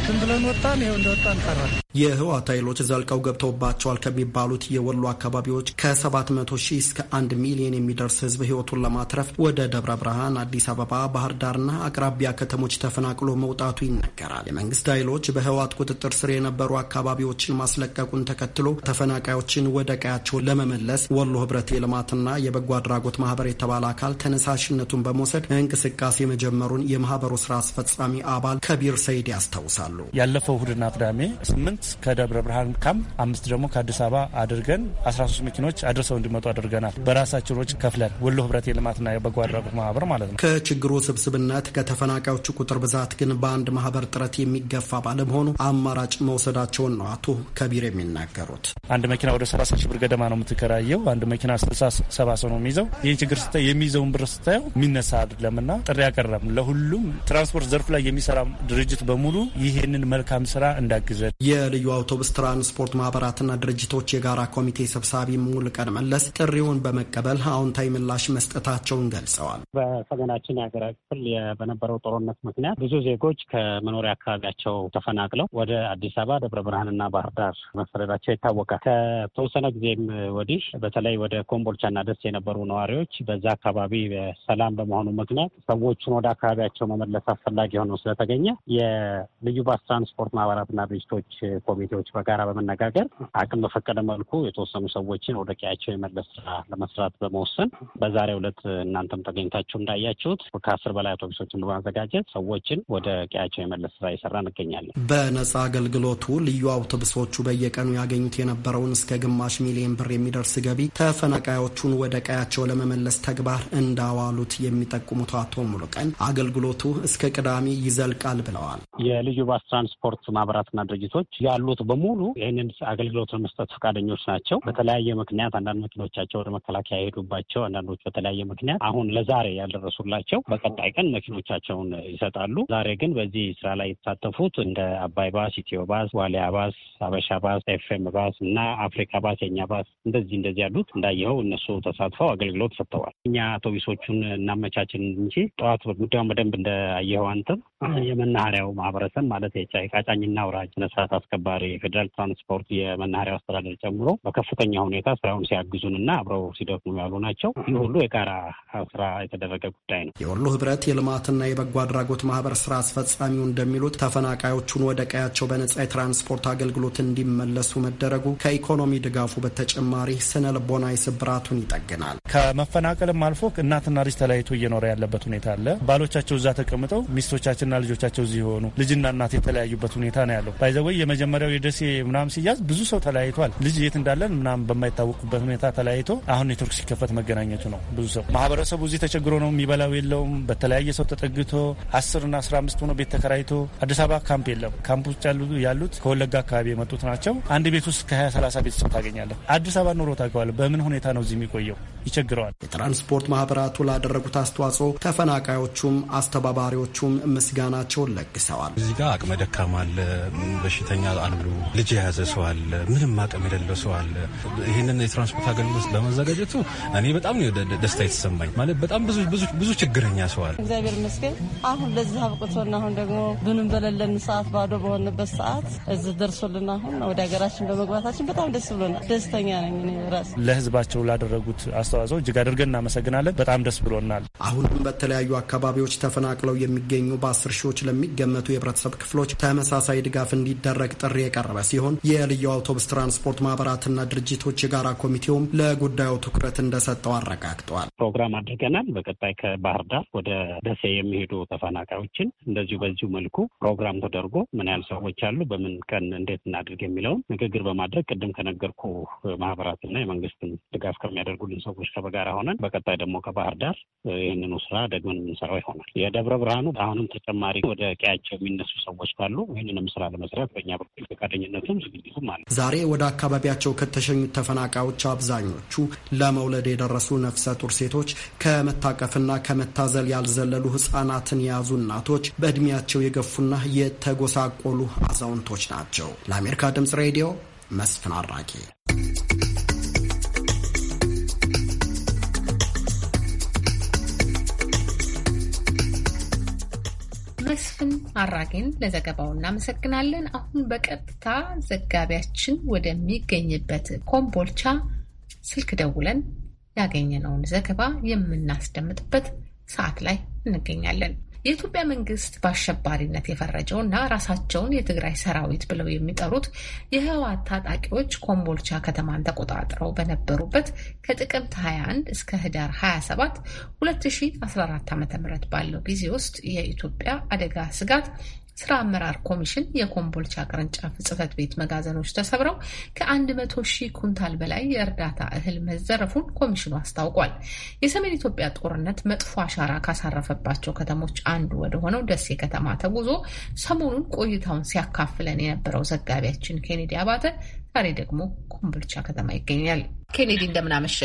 ዝም ብለን ወጣን። ይኸው እንደወጣን
የህወሓት ኃይሎች ዘልቀው ገብተውባቸዋል ከሚባሉት የወሎ አካባቢዎች ከ700 ሺህ እስከ 1 ሚሊዮን የሚደርስ ህዝብ ህይወቱን ለማትረፍ ወደ ደብረ ብርሃን፣ አዲስ አበባ፣ ባህር ዳርና አቅራቢያ ከተሞች ተፈናቅሎ መውጣቱ ይነገራል። የመንግስት ኃይሎች በህወሓት ቁጥጥር ስር የነበሩ አካባቢዎችን ማስለቀቁን ተከትሎ ተፈናቃዮችን ወደ ቀያቸው ለመመለስ ወሎ ህብረት የልማትና የበጎ አድራጎት ማህበር የተባለ አካል ተነሳሽነቱን በመውሰድ እንቅስቃሴ መጀመሩን የማህበሩ ስራ አስፈጻሚ አባል ከቢር ሰይድ ያስታውሳሉ። ይሰራሉ። ያለፈው እሁድና ቅዳሜ ስምንት ከደብረ ብርሃን ካምፕ፣ አምስት ደግሞ ከአዲስ አበባ አድርገን
13 መኪኖች አድርሰው እንዲመጡ አድርገናል። በራሳችን ወጪ ከፍለን ወሎ ህብረት የልማትና የበጎ አድራጎት ማህበር
ማለት ነው። ከችግሩ ስብስብነት ከተፈናቃዮቹ ቁጥር ብዛት ግን በአንድ ማህበር ጥረት የሚገፋ ባለመሆኑ አማራጭ መውሰዳቸውን ነው አቶ ከቢር የሚናገሩት። አንድ መኪና ወደ 30 ሺህ ብር ገደማ ነው የምትከራየው። አንድ መኪና 60 70 ሰው ነው የሚይዘው።
ይህን ችግር ስ የሚይዘውን ብር
ስታየው የሚነሳ
አይደለምና ጥሪ ያቀረም ለሁሉም ትራንስፖርት ዘርፍ ላይ የሚሰራ ድርጅት በሙሉ ይሄ ይህንን
መልካም ስራ እንዳግዘን። የልዩ አውቶቡስ ትራንስፖርት ማህበራትና ድርጅቶች የጋራ ኮሚቴ ሰብሳቢ ሙሉቀን መለስ ጥሪውን በመቀበል አዎንታዊ ምላሽ መስጠታቸውን ገልጸዋል።
በሰሜናችን የሀገር ክፍል በነበረው ጦርነት ምክንያት ብዙ ዜጎች ከመኖሪያ አካባቢያቸው ተፈናቅለው ወደ አዲስ አበባ፣ ደብረ ብርሃንና ባህር ዳር መሰደዳቸው ይታወቃል። ከተወሰነ ጊዜም ወዲህ በተለይ ወደ ኮምቦልቻና ደሴ የነበሩ ነዋሪዎች በዛ አካባቢ ሰላም በመሆኑ ምክንያት ሰዎቹን ወደ አካባቢያቸው መመለስ አስፈላጊ ሆኖ ስለተገኘ የልዩ ባስ ትራንስፖርት ማህበራትና ድርጅቶች ኮሚቴዎች በጋራ በመነጋገር አቅም በፈቀደ መልኩ የተወሰኑ ሰዎችን ወደ ቀያቸው የመለስ ስራ ለመስራት በመወሰን በዛሬው ዕለት እናንተም ተገኝታችሁ እንዳያችሁት ከአስር በላይ አውቶቡሶችን በማዘጋጀት ሰዎችን ወደ ቀያቸው የመለስ ስራ እየሰራ እንገኛለን።
በነጻ አገልግሎቱ ልዩ አውቶቡሶቹ በየቀኑ ያገኙት የነበረውን እስከ ግማሽ ሚሊዮን ብር የሚደርስ ገቢ ተፈናቃዮቹን ወደ ቀያቸው ለመመለስ ተግባር እንዳዋሉት የሚጠቁሙት አቶ ሙሉቀን አገልግሎቱ
እስከ ቅዳሜ ይዘልቃል ብለዋል። የልዩ ባስ ትራንስፖርት ማህበራትና ድርጅቶች ያሉት በሙሉ ይህንን አገልግሎት ለመስጠት ፈቃደኞች ናቸው። በተለያየ ምክንያት አንዳንድ መኪኖቻቸው ወደ መከላከያ የሄዱባቸው፣ አንዳንዶች በተለያየ ምክንያት አሁን ለዛሬ ያልደረሱላቸው በቀጣይ ቀን መኪኖቻቸውን ይሰጣሉ። ዛሬ ግን በዚህ ስራ ላይ የተሳተፉት እንደ አባይ ባስ፣ ኢትዮ ባስ፣ ዋሊያ ባስ፣ አበሻ ባስ፣ ኤፍኤም ባስ እና አፍሪካ ባስ፣ የኛ ባስ እንደዚህ እንደዚህ ያሉት እንዳየኸው እነሱ ተሳትፈው አገልግሎት ሰጥተዋል። እኛ አውቶቡሶቹን እናመቻችን እንጂ ጠዋት ጉዳዩን በደንብ አየኸው አንተም የመናኸሪያው ማህበረሰብ ማለት ከፔቻይ ከአጫኝና አውራጅ ነስርዓት አስከባሪ የፌዴራል ትራንስፖርት የመናኸሪያው አስተዳደር ጨምሮ በከፍተኛ ሁኔታ ስራውን ሲያግዙን እና አብረው ሲደክሙ ያሉ ናቸው። ይህ ሁሉ የጋራ ስራ የተደረገ ጉዳይ ነው። የወሎ
ህብረት የልማትና የበጎ አድራጎት ማህበር ስራ አስፈጻሚው እንደሚሉት ተፈናቃዮቹን ወደ ቀያቸው በነጻ የትራንስፖርት አገልግሎት እንዲመለሱ መደረጉ ከኢኮኖሚ ድጋፉ በተጨማሪ ስነ ልቦና ስብራቱን ይጠግናል። ከመፈናቀልም አልፎ እናትና ልጅ ተለያይቶ እየኖረ ያለበት
ሁኔታ አለ። ባሎቻቸው እዛ ተቀምጠው ሚስቶቻችንና ልጆቻቸው እዚህ የሆኑ ልጅና እናት የተለያዩበት ሁኔታ ነው ያለው። ባይዘወይ የመጀመሪያው የደሴ ምናም ሲያዝ ብዙ ሰው ተለያይቷል። ልጅ የት እንዳለን ምናም በማይታወቁበት ሁኔታ ተለያይቶ አሁን ኔትወርክ ሲከፈት መገናኘቱ ነው። ብዙ ሰው ማህበረሰቡ እዚህ ተቸግሮ ነው የሚበላው የለውም። በተለያየ ሰው ተጠግቶ አስርና አስራ አምስት ሆኖ ቤት ተከራይቶ አዲስ አበባ ካምፕ የለም። ካምፕ ውስጥ ያሉት ከወለጋ አካባቢ የመጡት ናቸው። አንድ ቤት ውስጥ ከሀያ ሰላሳ ቤተሰብ ታገኛለን። አዲስ አበባ ኑሮ
ታገዋለ በምን ሁኔታ ነው እዚህ የሚቆየው? ይቸግረዋል። የትራንስፖርት ማህበራቱ ላደረጉት አስተዋጽኦ ተፈናቃዮቹም አስተባባሪዎቹም ምስጋናቸውን ለግሰዋል።
እዚህ ጋር አቅመ ደካማ አለ፣ በሽተኛ አሉ፣ ልጅ የያዘ ሰው አለ፣ ምንም አቅም የሌለው ሰው አለ። ይህንን የትራንስፖርት አገልግሎት በመዘጋጀቱ እኔ በጣም ደስታ የተሰማኝ ማለት በጣም ብዙ ችግረኛ ሰው አለ።
እግዚአብሔር ይመስገን አሁን ለዚህ አብቅቶና አሁን ደግሞ ምንም በሌለን ሰዓት ባዶ በሆንበት ሰዓት እዚህ ደርሶልን አሁን ወደ ሀገራችን በመግባታችን በጣም ደስ ብሎናል። ደስተኛ ነኝ ራሴ።
ለህዝባቸው ላደረጉት አስተዋጽኦ እጅግ አድርገን እናመሰግናለን። በጣም ደስ ብሎናል።
አሁንም በተለያዩ አካባቢዎች ተፈናቅለው የሚገኙ በአስር ሺዎች ለሚገመቱ የህብረተሰብ ክፍል ክፍሎች ተመሳሳይ ድጋፍ እንዲደረግ ጥሪ የቀረበ ሲሆን የልዩ አውቶቡስ ትራንስፖርት ማህበራትና ድርጅቶች የጋራ ኮሚቴውም ለጉዳዩ ትኩረት እንደሰጠው አረጋግጠዋል።
ፕሮግራም አድርገናል። በቀጣይ ከባህር ዳር ወደ ደሴ የሚሄዱ ተፈናቃዮችን እንደዚሁ በዚሁ መልኩ ፕሮግራም ተደርጎ ምን ያህል ሰዎች አሉ፣ በምን ቀን እንዴት እናድርግ የሚለውን ንግግር በማድረግ ቅድም ከነገርኩ ማህበራትና የመንግስትን ድጋፍ ከሚያደርጉልን ሰዎች በጋራ ሆነን በቀጣይ ደግሞ ከባህር ዳር ይህንኑ ስራ ደግመን የምንሰራው ይሆናል። የደብረ ብርሃኑ አሁንም ተጨማሪ ወደ ቀያቸው የሚነሱ ሰዎች ፍላጎቶች ካሉ ይህንንም ስራ ለመስራት በእኛ በኩል ፈቃደኝነቱም
ዝግጅቱም አለ። ዛሬ ወደ አካባቢያቸው ከተሸኙት ተፈናቃዮች አብዛኞቹ ለመውለድ የደረሱ ነፍሰ ጡር ሴቶች፣ ከመታቀፍና ከመታዘል ያልዘለሉ ህጻናትን የያዙ እናቶች፣ በእድሜያቸው የገፉና የተጎሳቆሉ አዛውንቶች ናቸው። ለአሜሪካ ድምጽ ሬዲዮ መስፍን አራቂ
መስፍን አራጌን ለዘገባው እናመሰግናለን። አሁን በቀጥታ ዘጋቢያችን ወደሚገኝበት ኮምቦልቻ ስልክ ደውለን ያገኘነውን ዘገባ የምናስደምጥበት ሰዓት ላይ እንገኛለን። የኢትዮጵያ መንግስት በአሸባሪነት የፈረጀው እና ራሳቸውን የትግራይ ሰራዊት ብለው የሚጠሩት የህወሓት ታጣቂዎች ኮምቦልቻ ከተማን ተቆጣጥረው በነበሩበት ከጥቅምት 21 እስከ ህዳር 27 2014 ዓ ም ባለው ጊዜ ውስጥ የኢትዮጵያ አደጋ ስጋት ስራ አመራር ኮሚሽን የኮምቦልቻ ቅርንጫፍ ጽህፈት ቤት መጋዘኖች ተሰብረው ከ መቶ ሺህ ኩንታል በላይ የእርዳታ እህል መዘረፉን ኮሚሽኑ አስታውቋል። የሰሜን ኢትዮጵያ ጦርነት መጥፎ አሻራ ካሳረፈባቸው ከተሞች አንዱ ወደሆነው ደሴ ከተማ ተጉዞ ሰሞኑን ቆይታውን ሲያካፍለን የነበረው ዘጋቢያችን ኬኔዲ አባተ ዛሬ ደግሞ ኮምቦልቻ ከተማ ይገኛል። ኬኔዲ እንደምናመሸ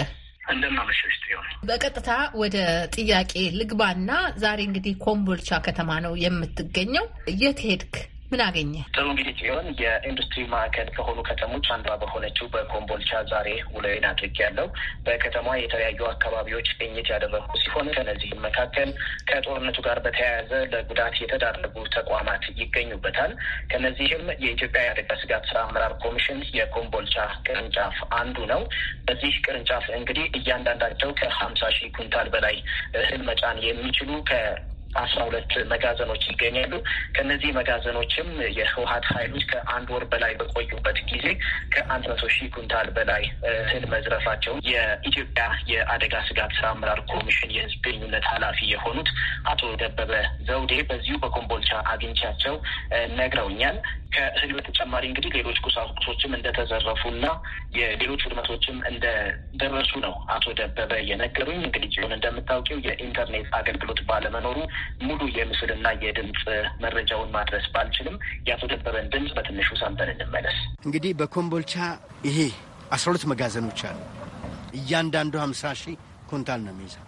እንደምናመሸሽ ሲሆን በቀጥታ ወደ ጥያቄ ልግባና ዛሬ እንግዲህ ኮምቦልቻ ከተማ ነው የምትገኘው። የት ሄድክ ምን አገኘ?
ጥሩ እንግዲህ ጽዮን፣ የኢንዱስትሪ ማዕከል ከሆኑ ከተሞች አንዷ በሆነችው በኮምቦልቻ ዛሬ ውሎዬን አድርጌያለሁ። በከተማ የተለያዩ አካባቢዎች ቅኝት ያደረግኩ ሲሆን ከነዚህም መካከል ከጦርነቱ ጋር በተያያዘ ለጉዳት የተዳረጉ ተቋማት ይገኙበታል። ከነዚህም የኢትዮጵያ የአደጋ ስጋት ስራ አመራር ኮሚሽን የኮምቦልቻ ቅርንጫፍ አንዱ ነው። በዚህ ቅርንጫፍ እንግዲህ እያንዳንዳቸው ከሀምሳ ሺህ ኩንታል በላይ እህል መጫን የሚችሉ ከ አስራ ሁለት መጋዘኖች ይገኛሉ። ከነዚህ መጋዘኖችም የህወሀት ኃይሎች ከአንድ ወር በላይ በቆዩበት ጊዜ ከአንድ መቶ ሺህ ኩንታል በላይ እህል መዝረፋቸውን የኢትዮጵያ የአደጋ ስጋት ስራ አመራር ኮሚሽን የህዝብ ግንኙነት ኃላፊ የሆኑት አቶ ደበበ ዘውዴ በዚሁ በኮምቦልቻ አግኝቻቸው ነግረውኛል። ከእህል በተጨማሪ እንግዲህ ሌሎች ቁሳቁሶችም እንደተዘረፉና የሌሎች ውድመቶችም እንደደረሱ ነው አቶ ደበበ የነገሩኝ። እንግዲህ ሆን እንደምታውቂው የኢንተርኔት አገልግሎት ባለመኖሩ ሙሉ የምስልና የድምፅ መረጃውን ማድረስ ባልችልም የአቶ ደበበን ድምፅ በትንሹ ሰምተን እንመለስ።
እንግዲህ በኮምቦልቻ ይሄ አስራ ሁለት መጋዘኖች አሉ። እያንዳንዱ ሀምሳ ሺህ ኩንታል ነው የሚይዘው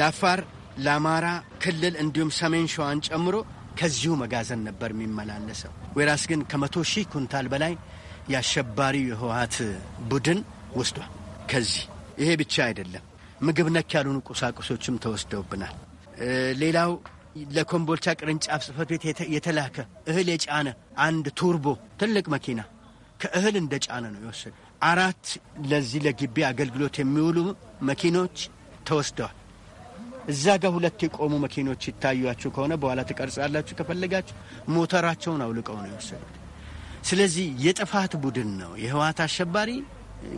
ለአፋር ለአማራ ክልል እንዲሁም ሰሜን ሸዋን ጨምሮ ከዚሁ መጋዘን ነበር የሚመላለሰው። ወይራስ ግን ከመቶ ሺህ ኩንታል በላይ የአሸባሪ የህወሀት ቡድን ወስዷል። ከዚህ ይሄ ብቻ አይደለም፣ ምግብ ነክ ያልሆኑ ቁሳቁሶችም ተወስደውብናል። ሌላው ለኮምቦልቻ ቅርንጫፍ ጽህፈት ቤት የተላከ እህል የጫነ አንድ ቱርቦ ትልቅ መኪና ከእህል እንደ ጫነ ነው የወሰደ። አራት ለዚህ ለግቢ አገልግሎት የሚውሉ መኪኖች ተወስደዋል። እዛ ጋር ሁለት የቆሙ መኪኖች ይታዩችሁ ከሆነ በኋላ ትቀርጻላችሁ ከፈለጋችሁ። ሞተራቸውን አውልቀው ነው የወሰዱት። ስለዚህ የጥፋት ቡድን ነው የህወሀት አሸባሪ።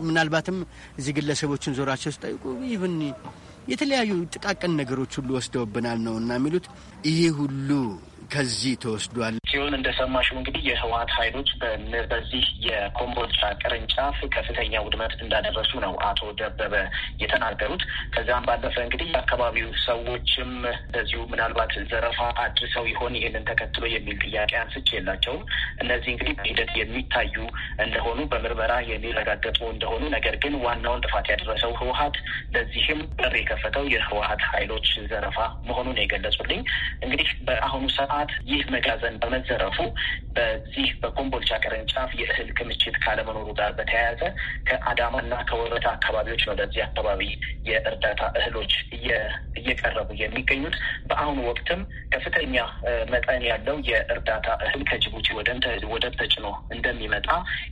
ምናልባትም እዚህ ግለሰቦችን ዞራቸው ሲጠይቁ ይህን የተለያዩ ጥቃቅን ነገሮች ሁሉ ወስደውብናል ነው እና የሚሉት ይህ ሁሉ ከዚህ ተወስዷል።
ሲሆን እንደሰማሽው እንግዲህ የህወሀት ኃይሎች በዚህ የኮምቦልቻ ቅርንጫፍ ከፍተኛ ውድመት እንዳደረሱ ነው አቶ ደበበ የተናገሩት። ከዚያም ባለፈ እንግዲህ የአካባቢው ሰዎችም እንደዚሁ ምናልባት ዘረፋ አድርሰው ይሆን ይህንን ተከትሎ የሚል ጥያቄ አንስቼ የላቸውም። እነዚህ እንግዲህ በሂደት የሚታዩ እንደሆኑ በምርመራ የሚረጋገጡ እንደሆኑ፣ ነገር ግን ዋናውን ጥፋት ያደረሰው ህወሀት ለዚህም በር የከፈተው የህወሀት ኃይሎች ዘረፋ መሆኑን የገለጹልኝ እንግዲህ በአሁኑ ሰዓት ይህ መጋዘን በመ መዘረፉ በዚህ በኮምቦልቻ ቅርንጫፍ የእህል ክምችት ካለመኖሩ ጋር በተያያዘ ከአዳማና ከወረታ አካባቢዎች ነው ለዚህ አካባቢ የእርዳታ እህሎች እየቀረቡ የሚገኙት። በአሁኑ ወቅትም ከፍተኛ መጠን ያለው የእርዳታ እህል ከጅቡቲ ወደብ ተጭኖ እንደሚመጣ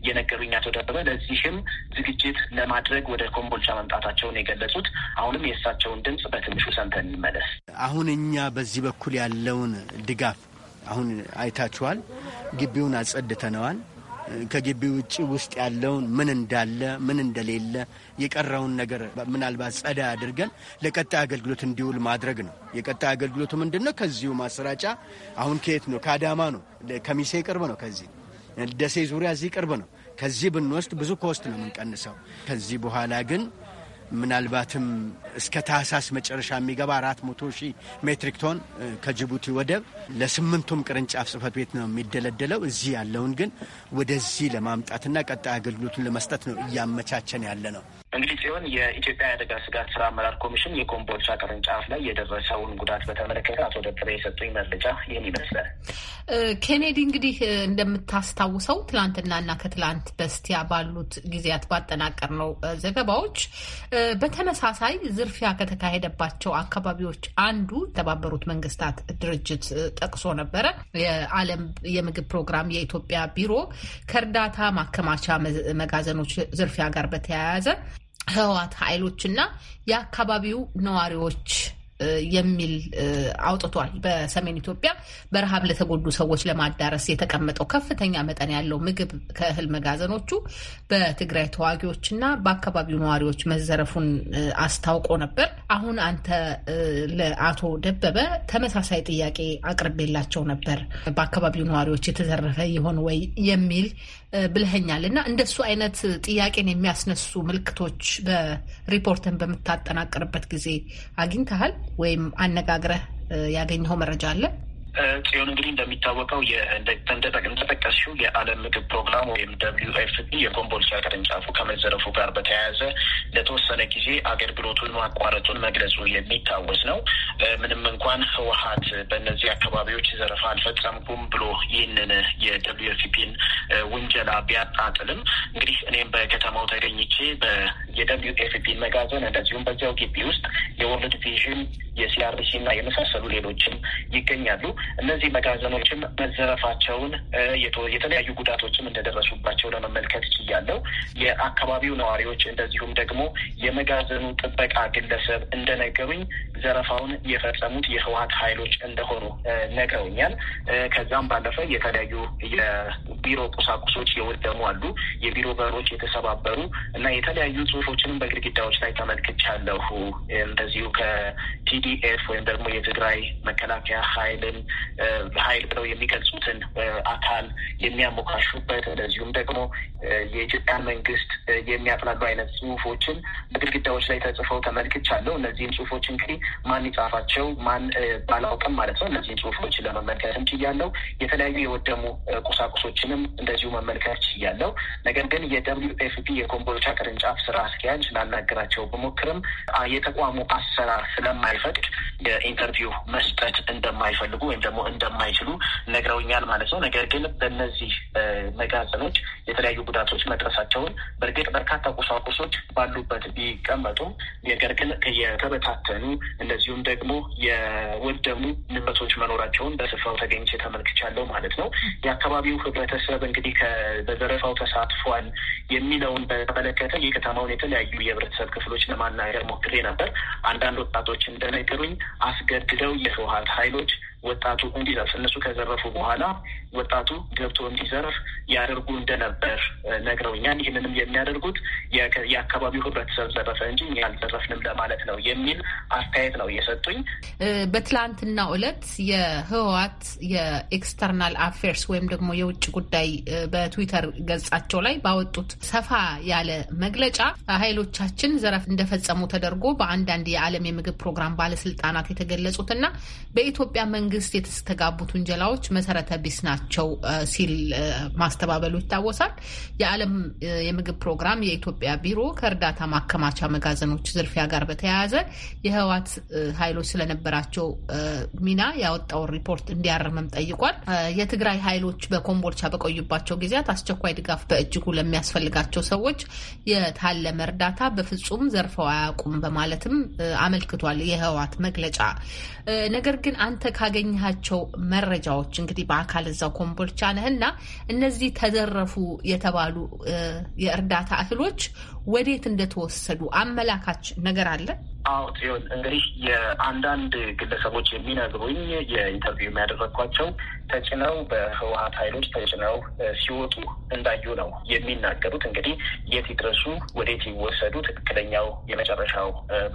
የነገሩኝ አቶ ደበበ ለዚህም ዝግጅት ለማድረግ ወደ ኮምቦልቻ መምጣታቸውን የገለጹት አሁንም የእሳቸውን ድምጽ በትንሹ ሰምተን እንመለስ።
አሁን እኛ በዚህ በኩል ያለውን ድጋፍ አሁን አይታችኋል። ግቢውን አጸድተነዋል። ከግቢ ውጭ ውስጥ ያለውን ምን እንዳለ ምን እንደሌለ የቀረውን ነገር ምናልባት ጸዳ አድርገን ለቀጣይ አገልግሎት እንዲውል ማድረግ ነው። የቀጣይ አገልግሎቱ ምንድን ነው? ከዚሁ ማሰራጫ አሁን ከየት ነው? ከአዳማ ነው። ከሚሴ ቅርብ ነው። ከዚህ ደሴ ዙሪያ እዚህ ቅርብ ነው። ከዚህ ብንወስድ ብዙ ኮስት ነው የምንቀንሰው። ከዚህ በኋላ ግን ምናልባትም እስከ ታህሳስ መጨረሻ የሚገባ አራት መቶ ሺህ ሜትሪክ ቶን ከጅቡቲ ወደብ ለስምንቱም ቅርንጫፍ ጽህፈት ቤት ነው የሚደለደለው። እዚህ ያለውን ግን ወደዚህ ለማምጣትና ቀጣይ አገልግሎቱን ለመስጠት ነው እያመቻቸን ያለ ነው።
እንግዲህ ጽዮን የኢትዮጵያ የአደጋ ስጋት ስራ አመራር ኮሚሽን የኮምቦልቻ ቅርንጫፍ ላይ
የደረሰውን ጉዳት በተመለከተ አቶ ደበበ የሰጡኝ መረጃ ይህን ይመስላል። ኬኔዲ፣ እንግዲህ እንደምታስታውሰው ትላንትናና ከትላንት በስቲያ ባሉት ጊዜያት ነው ዘገባዎች በተመሳሳይ ዝርፊያ ከተካሄደባቸው አካባቢዎች አንዱ የተባበሩት መንግስታት ድርጅት ጠቅሶ ነበረ። የዓለም የምግብ ፕሮግራም የኢትዮጵያ ቢሮ ከእርዳታ ማከማቻ መጋዘኖች ዝርፊያ ጋር በተያያዘ ህወሓት ኃይሎችና የአካባቢው ነዋሪዎች የሚል አውጥቷል። በሰሜን ኢትዮጵያ በረሃብ ለተጎዱ ሰዎች ለማዳረስ የተቀመጠው ከፍተኛ መጠን ያለው ምግብ ከእህል መጋዘኖቹ በትግራይ ተዋጊዎችና በአካባቢው ነዋሪዎች መዘረፉን አስታውቆ ነበር። አሁን አንተ ለአቶ ደበበ ተመሳሳይ ጥያቄ አቅርቤላቸው ነበር። በአካባቢው ነዋሪዎች የተዘረፈ ይሆን ወይ የሚል ብልህኛል እና እንደሱ አይነት ጥያቄን የሚያስነሱ ምልክቶች በሪፖርትን በምታጠናቅርበት ጊዜ አግኝተሃል ወይም አነጋግረህ ያገኘኸው መረጃ አለ? ጽዮን እንግዲህ እንደሚታወቀው እንደጠቀስሽው
የዓለም ምግብ ፕሮግራም ወይም ደብሊዩ ኤፍ ፒ የኮምቦልቻ ቅርንጫፉ ከመዘረፉ ጋር በተያያዘ ለተወሰነ ጊዜ አገልግሎቱን ማቋረጡን መግለጹ የሚታወስ ነው። ምንም እንኳን ህወሀት በእነዚህ አካባቢዎች ዘረፋ አልፈጸምኩም ብሎ ይህንን የደብሊዩ ኤፍ ፒን ውንጀላ ቢያጣጥልም እንግዲህ እኔም በከተማው ተገኝቼ የደብሊዩ ኤፍ ፒን መጋዘን እንደዚሁም በዚያው ግቢ ውስጥ የወርልድ ቪዥን የሲአርሲ እና የመሳሰሉ ሌሎችም ይገኛሉ። እነዚህ መጋዘኖችም መዘረፋቸውን የተለያዩ ጉዳቶችም እንደደረሱባቸው ለመመልከት ችያለው። የአካባቢው ነዋሪዎች እንደዚሁም ደግሞ የመጋዘኑ ጥበቃ ግለሰብ እንደነገሩኝ ዘረፋውን የፈጸሙት የህወሀት ኃይሎች እንደሆኑ ነግረውኛል። ከዛም ባለፈ የተለያዩ የቢሮ ቁሳቁሶች የወደሙ አሉ፣ የቢሮ በሮች የተሰባበሩ እና የተለያዩ ጽሁፎችንም በግድግዳዎች ላይ ተመልክቻለሁ። እንደዚሁ ከቲዲኤፍ ወይም ደግሞ የትግራይ መከላከያ ኃይልን በኃይል ብለው የሚገልጹትን አካል የሚያሞካሹበት እንደዚሁም ደግሞ የኢትዮጵያ መንግስት የሚያጥላሉ አይነት ጽሁፎችን በግድግዳዎች ላይ ተጽፈው ተመልክቻለሁ። እነዚህም ጽሁፎች እንግዲህ ማን ይጻፋቸው ማን ባላውቅም ማለት ነው። እነዚህን ጽሁፎች ለመመልከትም ችያለው። የተለያዩ የወደሙ ቁሳቁሶችንም እንደዚሁ መመልከት ችያለው። ነገር ግን የደብሊው ኤፍ ፒ የኮምቦልቻ ቅርንጫፍ ስራ አስኪያጅ ላናገራቸው ብሞክርም የተቋሙ አሰራር ስለማይፈቅድ የኢንተርቪው መስጠት እንደማይፈልጉ ወይም ደግሞ እንደማይችሉ ነግረውኛል ማለት ነው። ነገር ግን በእነዚህ መጋዘኖች የተለያዩ ጉዳቶች መድረሳቸውን በእርግጥ በርካታ ቁሳቁሶች ባሉበት ቢቀመጡም ነገር ግን የተበታተኑ እንደዚሁም ደግሞ የወደሙ ንብረቶች መኖራቸውን በስፍራው ተገኝቼ ተመልክቻለሁ ማለት ነው። የአካባቢው ህብረተሰብ እንግዲህ በዘረፋው ተሳትፏል የሚለውን በተመለከተ የከተማውን የተለያዩ የህብረተሰብ ክፍሎች ለማናገር ሞክሬ ነበር። አንዳንድ ወጣቶች እንደነገሩኝ አስገድደው የህወሓት ኃይሎች ወጣቱ እንዲዘርፍ እነሱ ከዘረፉ በኋላ ወጣቱ ገብቶ እንዲዘርፍ ያደርጉ እንደነበር ነግረውኛል። ይህንንም የሚያደርጉት የአካባቢው ህብረተሰብ ዘረፈ እንጂ ያልዘረፍንም ለማለት ነው የሚል አስተያየት ነው እየሰጡኝ።
በትላንትና ዕለት የህወሓት የኤክስተርናል አፌርስ ወይም ደግሞ የውጭ ጉዳይ በትዊተር ገጻቸው ላይ ባወጡት ሰፋ ያለ መግለጫ ኃይሎቻችን ዘረፍ እንደፈጸሙ ተደርጎ በአንዳንድ የዓለም የምግብ ፕሮግራም ባለስልጣናት የተገለጹትና በኢትዮጵያ መንግስት መንግስት የተስተጋቡት ውንጀላዎች መሰረተ ቢስ ናቸው ሲል ማስተባበሉ ይታወሳል። የዓለም የምግብ ፕሮግራም የኢትዮጵያ ቢሮ ከእርዳታ ማከማቻ መጋዘኖች ዝርፊያ ጋር በተያያዘ የህወሓት ኃይሎች ስለነበራቸው ሚና ያወጣውን ሪፖርት እንዲያርምም ጠይቋል። የትግራይ ኃይሎች በኮምቦልቻ በቆዩባቸው ጊዜያት አስቸኳይ ድጋፍ በእጅጉ ለሚያስፈልጋቸው ሰዎች የታለመ እርዳታ በፍጹም ዘርፈው አያውቁም በማለትም አመልክቷል የህወሓት መግለጫ። ነገር ግን አንተ ካገ ያገኘሃቸው መረጃዎች እንግዲህ በአካል እዛው ኮምቦልቻ ነህ እና እነዚህ ተዘረፉ የተባሉ የእርዳታ እህሎች ወዴት እንደተወሰዱ አመላካች ነገር አለ?
አዎ ጽዮን፣ እንግዲህ የአንዳንድ ግለሰቦች የሚነግሩኝ የኢንተርቪው የሚያደረግኳቸው ተጭነው በህወሀት ኃይሎች ተጭነው ሲወጡ እንዳዩ ነው የሚናገሩት። እንግዲህ የት ይድረሱ፣ ወዴት ይወሰዱ፣ ትክክለኛው የመጨረሻው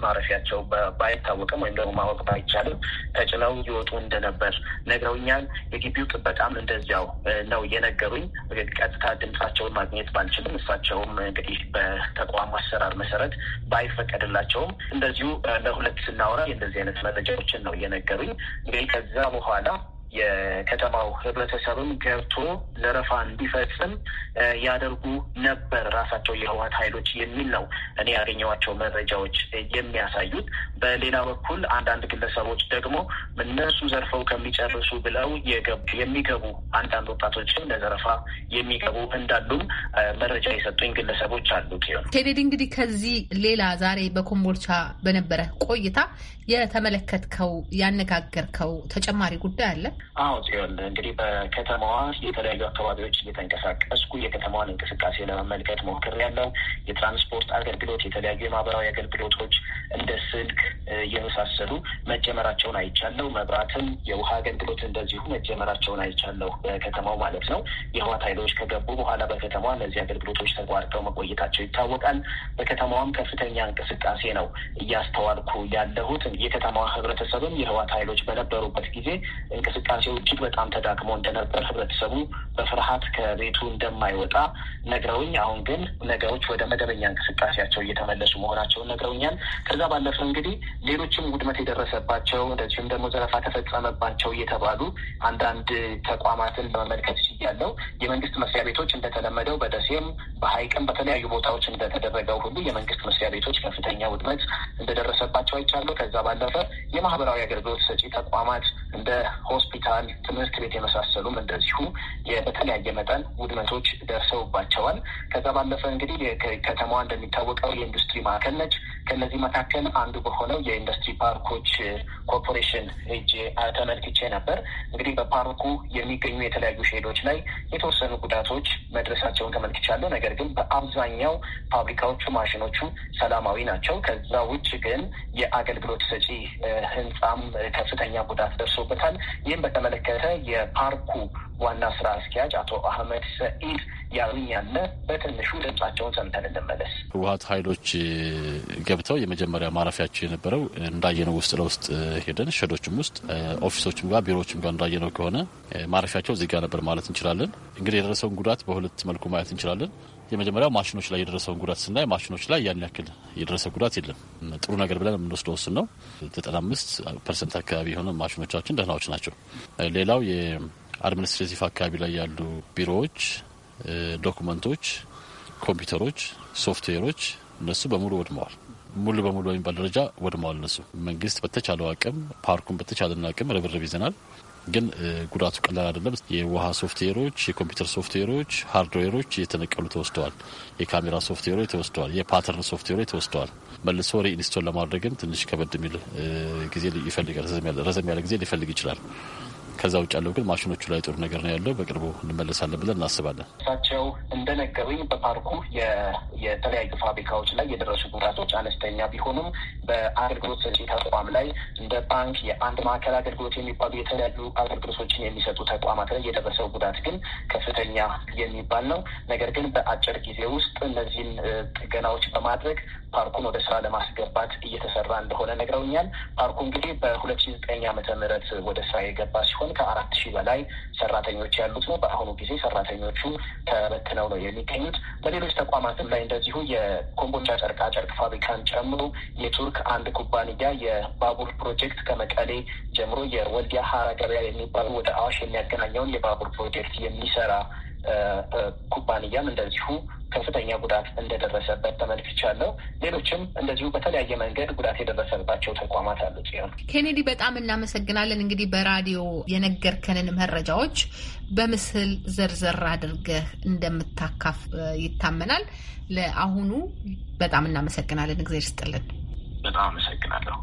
ማረፊያቸው ባይታወቅም ወይም ደግሞ ማወቅ ባይቻልም ተጭነው ይወጡ እንደነበር ነግረውኛል። የግቢው ጥበቃም እንደዚያው ነው የነገሩኝ። ቀጥታ ድምጻቸውን ማግኘት ባልችልም እሳቸውም እንግዲህ በተቋሙ አሰራር መሰረት ባይፈቀድላቸውም እንደ እንደዚሁ ለሁለት ስናወራ እንደዚህ አይነት መረጃዎችን ነው እየነገሩኝ። እንግዲህ ከዛ በኋላ የከተማው ህብረተሰብም ገብቶ ዘረፋ እንዲፈጽም ያደርጉ ነበር ራሳቸው የህወሓት ኃይሎች የሚል ነው እኔ ያገኘኋቸው መረጃዎች የሚያሳዩት። በሌላ በኩል አንዳንድ ግለሰቦች ደግሞ እነሱ ዘርፈው ከሚጨርሱ ብለው የሚገቡ አንዳንድ ወጣቶችን ለዘረፋ የሚገቡ እንዳሉም መረጃ የሰጡኝ ግለሰቦች አሉ።
ቴሌድ እንግዲህ ከዚህ ሌላ ዛሬ በኮምቦልቻ በነበረ ቆይታ የተመለከትከው ያነጋገርከው ተጨማሪ ጉዳይ አለ?
አዎ ጽዮን፣ እንግዲህ በከተማዋ የተለያዩ አካባቢዎች እየተንቀሳቀስኩ የከተማዋን እንቅስቃሴ ለመመልከት ሞክር ያለው የትራንስፖርት አገልግሎት፣ የተለያዩ የማህበራዊ አገልግሎቶች እንደ ስልክ እየመሳሰሉ መጀመራቸውን አይቻለሁ። መብራትም፣ የውሃ አገልግሎት እንደዚሁ መጀመራቸውን አይቻለሁ በከተማው ማለት ነው። የህዋት ኃይሎች ከገቡ በኋላ በከተማ እነዚህ አገልግሎቶች ተቋርጠው መቆየታቸው ይታወቃል። በከተማዋም ከፍተኛ እንቅስቃሴ ነው እያስተዋልኩ ያለሁት። የከተማዋ ህብረተሰብም የህዋት ኃይሎች በነበሩበት ጊዜ እንቅስቃሴ እንቅስቃሴው እጅግ በጣም ተዳክሞ እንደነበር ህብረተሰቡ በፍርሃት ከቤቱ እንደማይወጣ ነግረውኝ፣ አሁን ግን ነገሮች ወደ መደበኛ እንቅስቃሴያቸው እየተመለሱ መሆናቸውን ነግረውኛል። ከዛ ባለፈ እንግዲህ ሌሎችም ውድመት የደረሰባቸው እንደዚሁም ደግሞ ዘረፋ ተፈጸመባቸው እየተባሉ አንዳንድ ተቋማትን ለመመልከት ያለው የመንግስት መስሪያ ቤቶች እንደተለመደው በደሴም በሀይቅም በተለያዩ ቦታዎች እንደተደረገው ሁሉ የመንግስት መስሪያ ቤቶች ከፍተኛ ውድመት እንደደረሰባቸው አይቻለሁ። ከዛ ባለፈ የማህበራዊ አገልግሎት ሰጪ ተቋማት እንደ ሆስፒ ሆስፒታል፣ ትምህርት ቤት የመሳሰሉም እንደዚሁ በተለያየ መጠን ውድመቶች ደርሰውባቸዋል። ከዛ ባለፈ እንግዲህ ከተማዋ እንደሚታወቀው የኢንዱስትሪ ማዕከል ነች። ከነዚህ መካከል አንዱ በሆነው የኢንዱስትሪ ፓርኮች ኮርፖሬሽን እጅ ተመልክቼ ነበር። እንግዲህ በፓርኩ የሚገኙ የተለያዩ ሼዶች ላይ የተወሰኑ ጉዳቶች መድረሳቸውን ተመልክቻለሁ። ነገር ግን በአብዛኛው ፋብሪካዎቹ፣ ማሽኖቹ ሰላማዊ ናቸው። ከዛ ውጭ ግን የአገልግሎት ሰጪ ህንፃም ከፍተኛ ጉዳት ደርሶበታል። ይህም በተመለከተ የፓርኩ ዋና ስራ አስኪያጅ አቶ አህመድ ሰኢድ ያሉኝ ያለ በትንሹ ድምጻቸውን ሰምተን እንመለስ።
ህወሀት ኃይሎች ገብተው የመጀመሪያ ማረፊያቸው የነበረው እንዳየነው ውስጥ ለውስጥ ሄደን ሸዶችም ውስጥ ኦፊሶችም ጋር ቢሮዎችም ጋር እንዳየነው ከሆነ ማረፊያቸው እዚህ ጋር ነበር ማለት እንችላለን። እንግዲህ የደረሰውን ጉዳት በሁለት መልኩ ማየት እንችላለን። የመጀመሪያው ማሽኖች ላይ የደረሰውን ጉዳት ስናይ ማሽኖች ላይ ያን ያክል የደረሰ ጉዳት የለም። ጥሩ ነገር ብለን የምንወስደው ውስን ነው። ዘጠና አምስት ፐርሰንት አካባቢ የሆነ ማሽኖቻችን ደህናዎች ናቸው። ሌላው የአድሚኒስትሬቲቭ አካባቢ ላይ ያሉ ቢሮዎች፣ ዶኩመንቶች፣ ኮምፒውተሮች፣ ሶፍትዌሮች እነሱ በሙሉ ወድመዋል። ሙሉ በሙሉ በሚባል ደረጃ ወድመዋል። እነሱ መንግስት በተቻለው አቅም ፓርኩን በተቻለን አቅም ርብርብ ይዘናል። ግን ጉዳቱ ቀላል አይደለም። የውሃ ሶፍትዌሮች፣ የኮምፒውተር ሶፍትዌሮች፣ ሃርድዌሮች እየተነቀሉ ተወስደዋል። የካሜራ ሶፍትዌሮች ተወስደዋል። የፓተርን ሶፍትዌሮች ተወስደዋል። መልሶ ሪኢንስቶል ለማድረግ ትንሽ ከበድ የሚል ጊዜ ይፈልጋል። ረዘም ያለ ጊዜ ሊፈልግ ይችላል። ከዛ ውጭ ያለው ግን ማሽኖቹ ላይ ጥሩ ነገር ነው ያለው። በቅርቡ እንመለሳለን ብለን እናስባለን።
እሳቸው እንደነገሩኝ በፓርኩ የተለያዩ ፋብሪካዎች ላይ የደረሱ ጉዳቶች አነስተኛ ቢሆኑም በአገልግሎት ሰጪ ተቋም ላይ እንደ ባንክ፣ የአንድ ማዕከል አገልግሎት የሚባሉ የተለያዩ አገልግሎቶችን የሚሰጡ ተቋማት ላይ የደረሰው ጉዳት ግን ከፍተኛ የሚባል ነው። ነገር ግን በአጭር ጊዜ ውስጥ እነዚህን ጥገናዎች በማድረግ ፓርኩን ወደ ስራ ለማስገባት እየተሰራ እንደሆነ ነግረውኛል። ፓርኩ እንግዲህ በሁለት ሺ ዘጠኝ ዓመተ ምህረት ወደ ስራ የገባ ሲሆን ሲሆን ከአራት ሺህ በላይ ሰራተኞች ያሉት ነው። በአሁኑ ጊዜ ሰራተኞቹ ተበትነው ነው የሚገኙት። በሌሎች ተቋማትም ላይ እንደዚሁ የኮምቦልቻ ጨርቃ ጨርቅ ፋብሪካን ጨምሮ የቱርክ አንድ ኩባንያ የባቡር ፕሮጀክት ከመቀሌ ጀምሮ የወልዲያ ሀራ ገበያ የሚባሉ ወደ አዋሽ የሚያገናኘውን የባቡር ፕሮጀክት የሚሰራ ኩባንያም እንደዚሁ ከፍተኛ ጉዳት እንደደረሰበት ተመልክቻለሁ። ሌሎችም እንደዚሁ በተለያየ መንገድ ጉዳት የደረሰባቸው ተቋማት አሉ። ሲሆን
ኬኔዲ በጣም እናመሰግናለን። እንግዲህ በራዲዮ የነገርከንን መረጃዎች በምስል ዘርዘር አድርገህ እንደምታካፍ ይታመናል። ለአሁኑ በጣም እናመሰግናለን። እግዜር ስጥልን።
በጣም አመሰግናለሁ።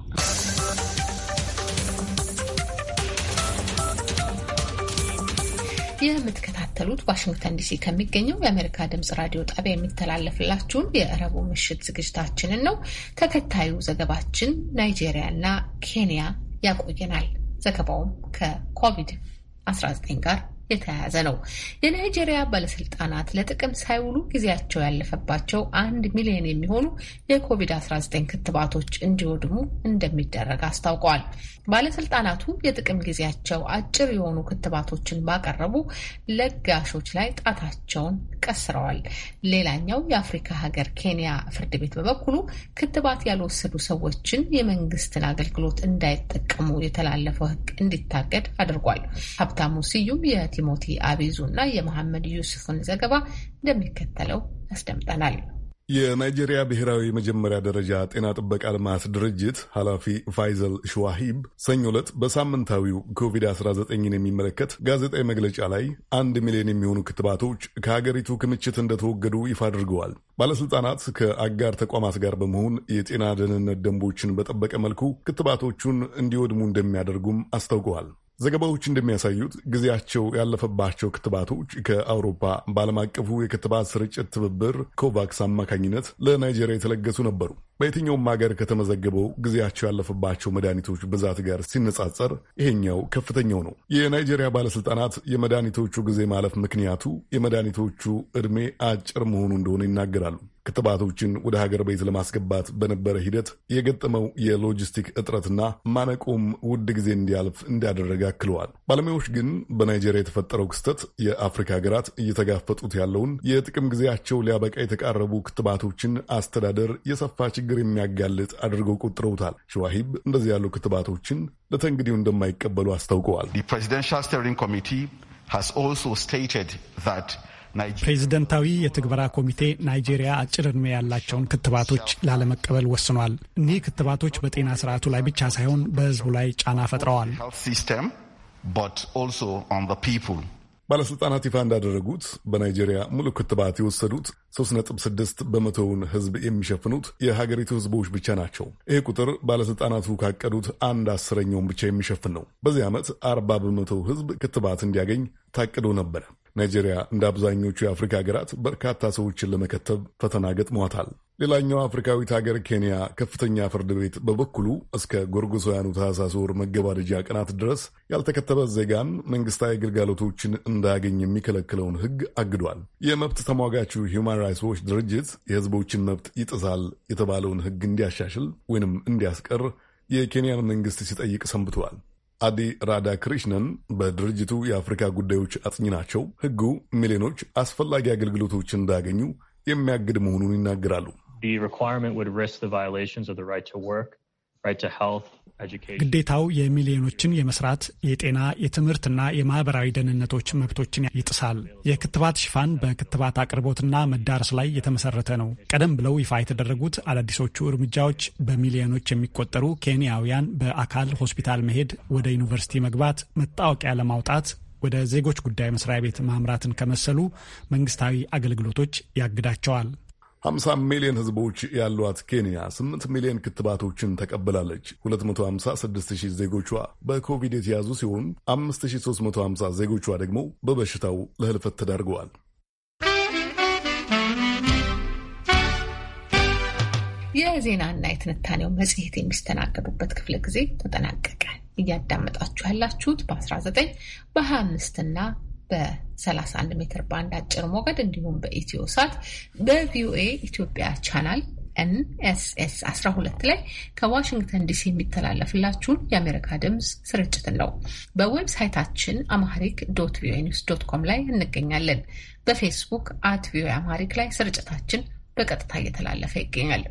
የምትከታተሉት ዋሽንግተን ዲሲ ከሚገኘው የአሜሪካ ድምጽ ራዲዮ ጣቢያ የሚተላለፍላችሁን የእረቡ ምሽት ዝግጅታችንን ነው። ተከታዩ ዘገባችን ናይጄሪያና ኬንያ ያቆየናል። ዘገባውም ከኮቪድ-19 ጋር የተያያዘ ነው። የናይጄሪያ ባለስልጣናት ለጥቅም ሳይውሉ ጊዜያቸው ያለፈባቸው አንድ ሚሊዮን የሚሆኑ የኮቪድ-19 ክትባቶች እንዲወድሙ እንደሚደረግ አስታውቀዋል። ባለስልጣናቱ የጥቅም ጊዜያቸው አጭር የሆኑ ክትባቶችን ባቀረቡ ለጋሾች ላይ ጣታቸውን ቀስረዋል። ሌላኛው የአፍሪካ ሀገር ኬንያ ፍርድ ቤት በበኩሉ ክትባት ያልወሰዱ ሰዎችን የመንግስትን አገልግሎት እንዳይጠቀሙ የተላለፈው ሕግ እንዲታገድ አድርጓል። ሀብታሙ ስዩም የቲሞቲ አቤዙ እና የመሐመድ ዩሱፍን ዘገባ እንደሚከተለው ያስደምጠናል።
የናይጄሪያ ብሔራዊ የመጀመሪያ ደረጃ ጤና ጥበቃ ልማት ድርጅት ኃላፊ ፋይዘል ሸዋሂብ ሰኞ ዕለት በሳምንታዊው ኮቪድ-19ን የሚመለከት ጋዜጣዊ መግለጫ ላይ አንድ ሚሊዮን የሚሆኑ ክትባቶች ከሀገሪቱ ክምችት እንደተወገዱ ይፋ አድርገዋል። ባለሥልጣናት ከአጋር ተቋማት ጋር በመሆን የጤና ደህንነት ደንቦችን በጠበቀ መልኩ ክትባቶቹን እንዲወድሙ እንደሚያደርጉም አስታውቀዋል። ዘገባዎች እንደሚያሳዩት ጊዜያቸው ያለፈባቸው ክትባቶች ከአውሮፓ በዓለም አቀፉ የክትባት ስርጭት ትብብር ኮቫክስ አማካኝነት ለናይጄሪያ የተለገሱ ነበሩ። በየትኛውም ሀገር ከተመዘገበው ጊዜያቸው ያለፈባቸው መድኃኒቶች ብዛት ጋር ሲነጻጸር ይሄኛው ከፍተኛው ነው። የናይጄሪያ ባለስልጣናት የመድኃኒቶቹ ጊዜ ማለፍ ምክንያቱ የመድኃኒቶቹ ዕድሜ አጭር መሆኑ እንደሆነ ይናገራሉ። ክትባቶችን ወደ ሀገር ቤት ለማስገባት በነበረ ሂደት የገጠመው የሎጂስቲክ እጥረትና ማነቆም ውድ ጊዜ እንዲያልፍ እንዳደረገ አክለዋል። ባለሙያዎች ግን በናይጄሪያ የተፈጠረው ክስተት የአፍሪካ ሀገራት እየተጋፈጡት ያለውን የጥቅም ጊዜያቸው ሊያበቃ የተቃረቡ ክትባቶችን አስተዳደር የሰፋ ችግር የሚያጋልጥ አድርገው ቆጥረውታል። ሸዋሂብ እንደዚህ ያሉ ክትባቶችን ለተንግዲው እንደማይቀበሉ አስታውቀዋል። The Presidential Steering Committee has
ፕሬዚደንታዊ የትግበራ ኮሚቴ ናይጄሪያ አጭር ዕድሜ ያላቸውን ክትባቶች ላለመቀበል ወስኗል። እኒህ ክትባቶች በጤና ስርዓቱ ላይ ብቻ ሳይሆን በሕዝቡ ላይ ጫና ፈጥረዋል።
ባለሥልጣናት ይፋ እንዳደረጉት በናይጄሪያ ሙሉ ክትባት የወሰዱት 3.6 በመቶውን ህዝብ የሚሸፍኑት የሀገሪቱ ህዝቦች ብቻ ናቸው። ይህ ቁጥር ባለሥልጣናቱ ካቀዱት አንድ አስረኛውን ብቻ የሚሸፍን ነው። በዚህ ዓመት 40 በመቶው ህዝብ ክትባት እንዲያገኝ ታቅዶ ነበረ። ናይጄሪያ እንደ አብዛኞቹ የአፍሪካ ሀገራት በርካታ ሰዎችን ለመከተብ ፈተና ገጥሟታል። ሌላኛው አፍሪካዊት ሀገር ኬንያ ከፍተኛ ፍርድ ቤት በበኩሉ እስከ ጎርጎሳውያኑ ታህሳስ ወር መገባደጃ ቀናት ድረስ ያልተከተበ ዜጋን መንግስታዊ ግልጋሎቶችን እንዳያገኝ የሚከለክለውን ሕግ አግዷል። የመብት ተሟጋቹ ሂውማን ራይትስ ዎች ድርጅት የሕዝቦችን መብት ይጥሳል የተባለውን ሕግ እንዲያሻሽል ወይንም እንዲያስቀር የኬንያን መንግስት ሲጠይቅ ሰንብተዋል። አዲ ራዳ ክሪሽነን በድርጅቱ የአፍሪካ ጉዳዮች አጥኚ ናቸው። ሕጉ ሚሊዮኖች አስፈላጊ አገልግሎቶች እንዳያገኙ የሚያግድ መሆኑን ይናገራሉ።
ግዴታው
የሚሊዮኖችን የመስራት የጤና የትምህርትና የማህበራዊ ደህንነቶች መብቶችን ይጥሳል። የክትባት ሽፋን በክትባት አቅርቦትና መዳረስ ላይ የተመሰረተ ነው። ቀደም ብለው ይፋ የተደረጉት አዳዲሶቹ እርምጃዎች በሚሊዮኖች የሚቆጠሩ ኬንያውያን በአካል ሆስፒታል መሄድ፣ ወደ ዩኒቨርሲቲ መግባት፣ መታወቂያ ለማውጣት ወደ ዜጎች ጉዳይ መስሪያ ቤት ማምራትን ከመሰሉ መንግስታዊ አገልግሎቶች ያግዳቸዋል።
50 ሚሊዮን ህዝቦች ያሏት ኬንያ 8 ሚሊዮን ክትባቶችን ተቀብላለች። 256,000 ዜጎቿ በኮቪድ የተያዙ ሲሆን 5350 ዜጎቿ ደግሞ በበሽታው ለህልፈት ተዳርገዋል።
የዜናና የትንታኔው መጽሔት የሚስተናገዱበት ክፍለ ጊዜ ተጠናቀቀ። እያዳመጣችሁ ያላችሁት በ19 በ25 እና በ31 ሜትር ባንድ አጭር ሞገድ እንዲሁም በኢትዮ ሳት በቪኦኤ ኢትዮጵያ ቻናል ኤንኤስኤስ 12 ላይ ከዋሽንግተን ዲሲ የሚተላለፍላችሁን የአሜሪካ ድምፅ ስርጭትን ነው። በዌብሳይታችን አማሪክ ዶት ቪኦኤ ኒውስ ዶት ኮም ላይ እንገኛለን። በፌስቡክ አት ቪኦኤ አማሪክ ላይ ስርጭታችን በቀጥታ እየተላለፈ ይገኛል።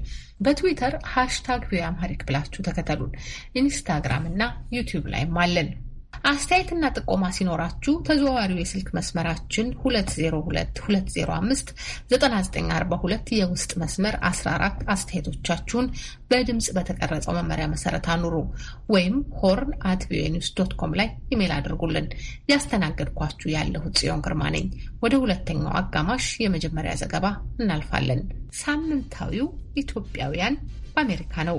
በትዊተር ሃሽታግ ቪኦኤ አማሪክ ብላችሁ ተከተሉን። ኢንስታግራም እና ዩቲዩብ ላይም አለን። አስተያየትና ጥቆማ ሲኖራችሁ ተዘዋዋሪው የስልክ መስመራችን 2022059942 የውስጥ መስመር 14 አስተያየቶቻችሁን በድምፅ በተቀረጸው መመሪያ መሰረት አኑሩ ወይም ሆርን አት ቪኦኤ ኒውስ ዶት ኮም ላይ ኢሜል አድርጉልን። ያስተናገድኳችሁ ያለሁት ጽዮን ግርማ ነኝ። ወደ ሁለተኛው አጋማሽ የመጀመሪያ ዘገባ እናልፋለን። ሳምንታዊው ኢትዮጵያውያን በአሜሪካ ነው።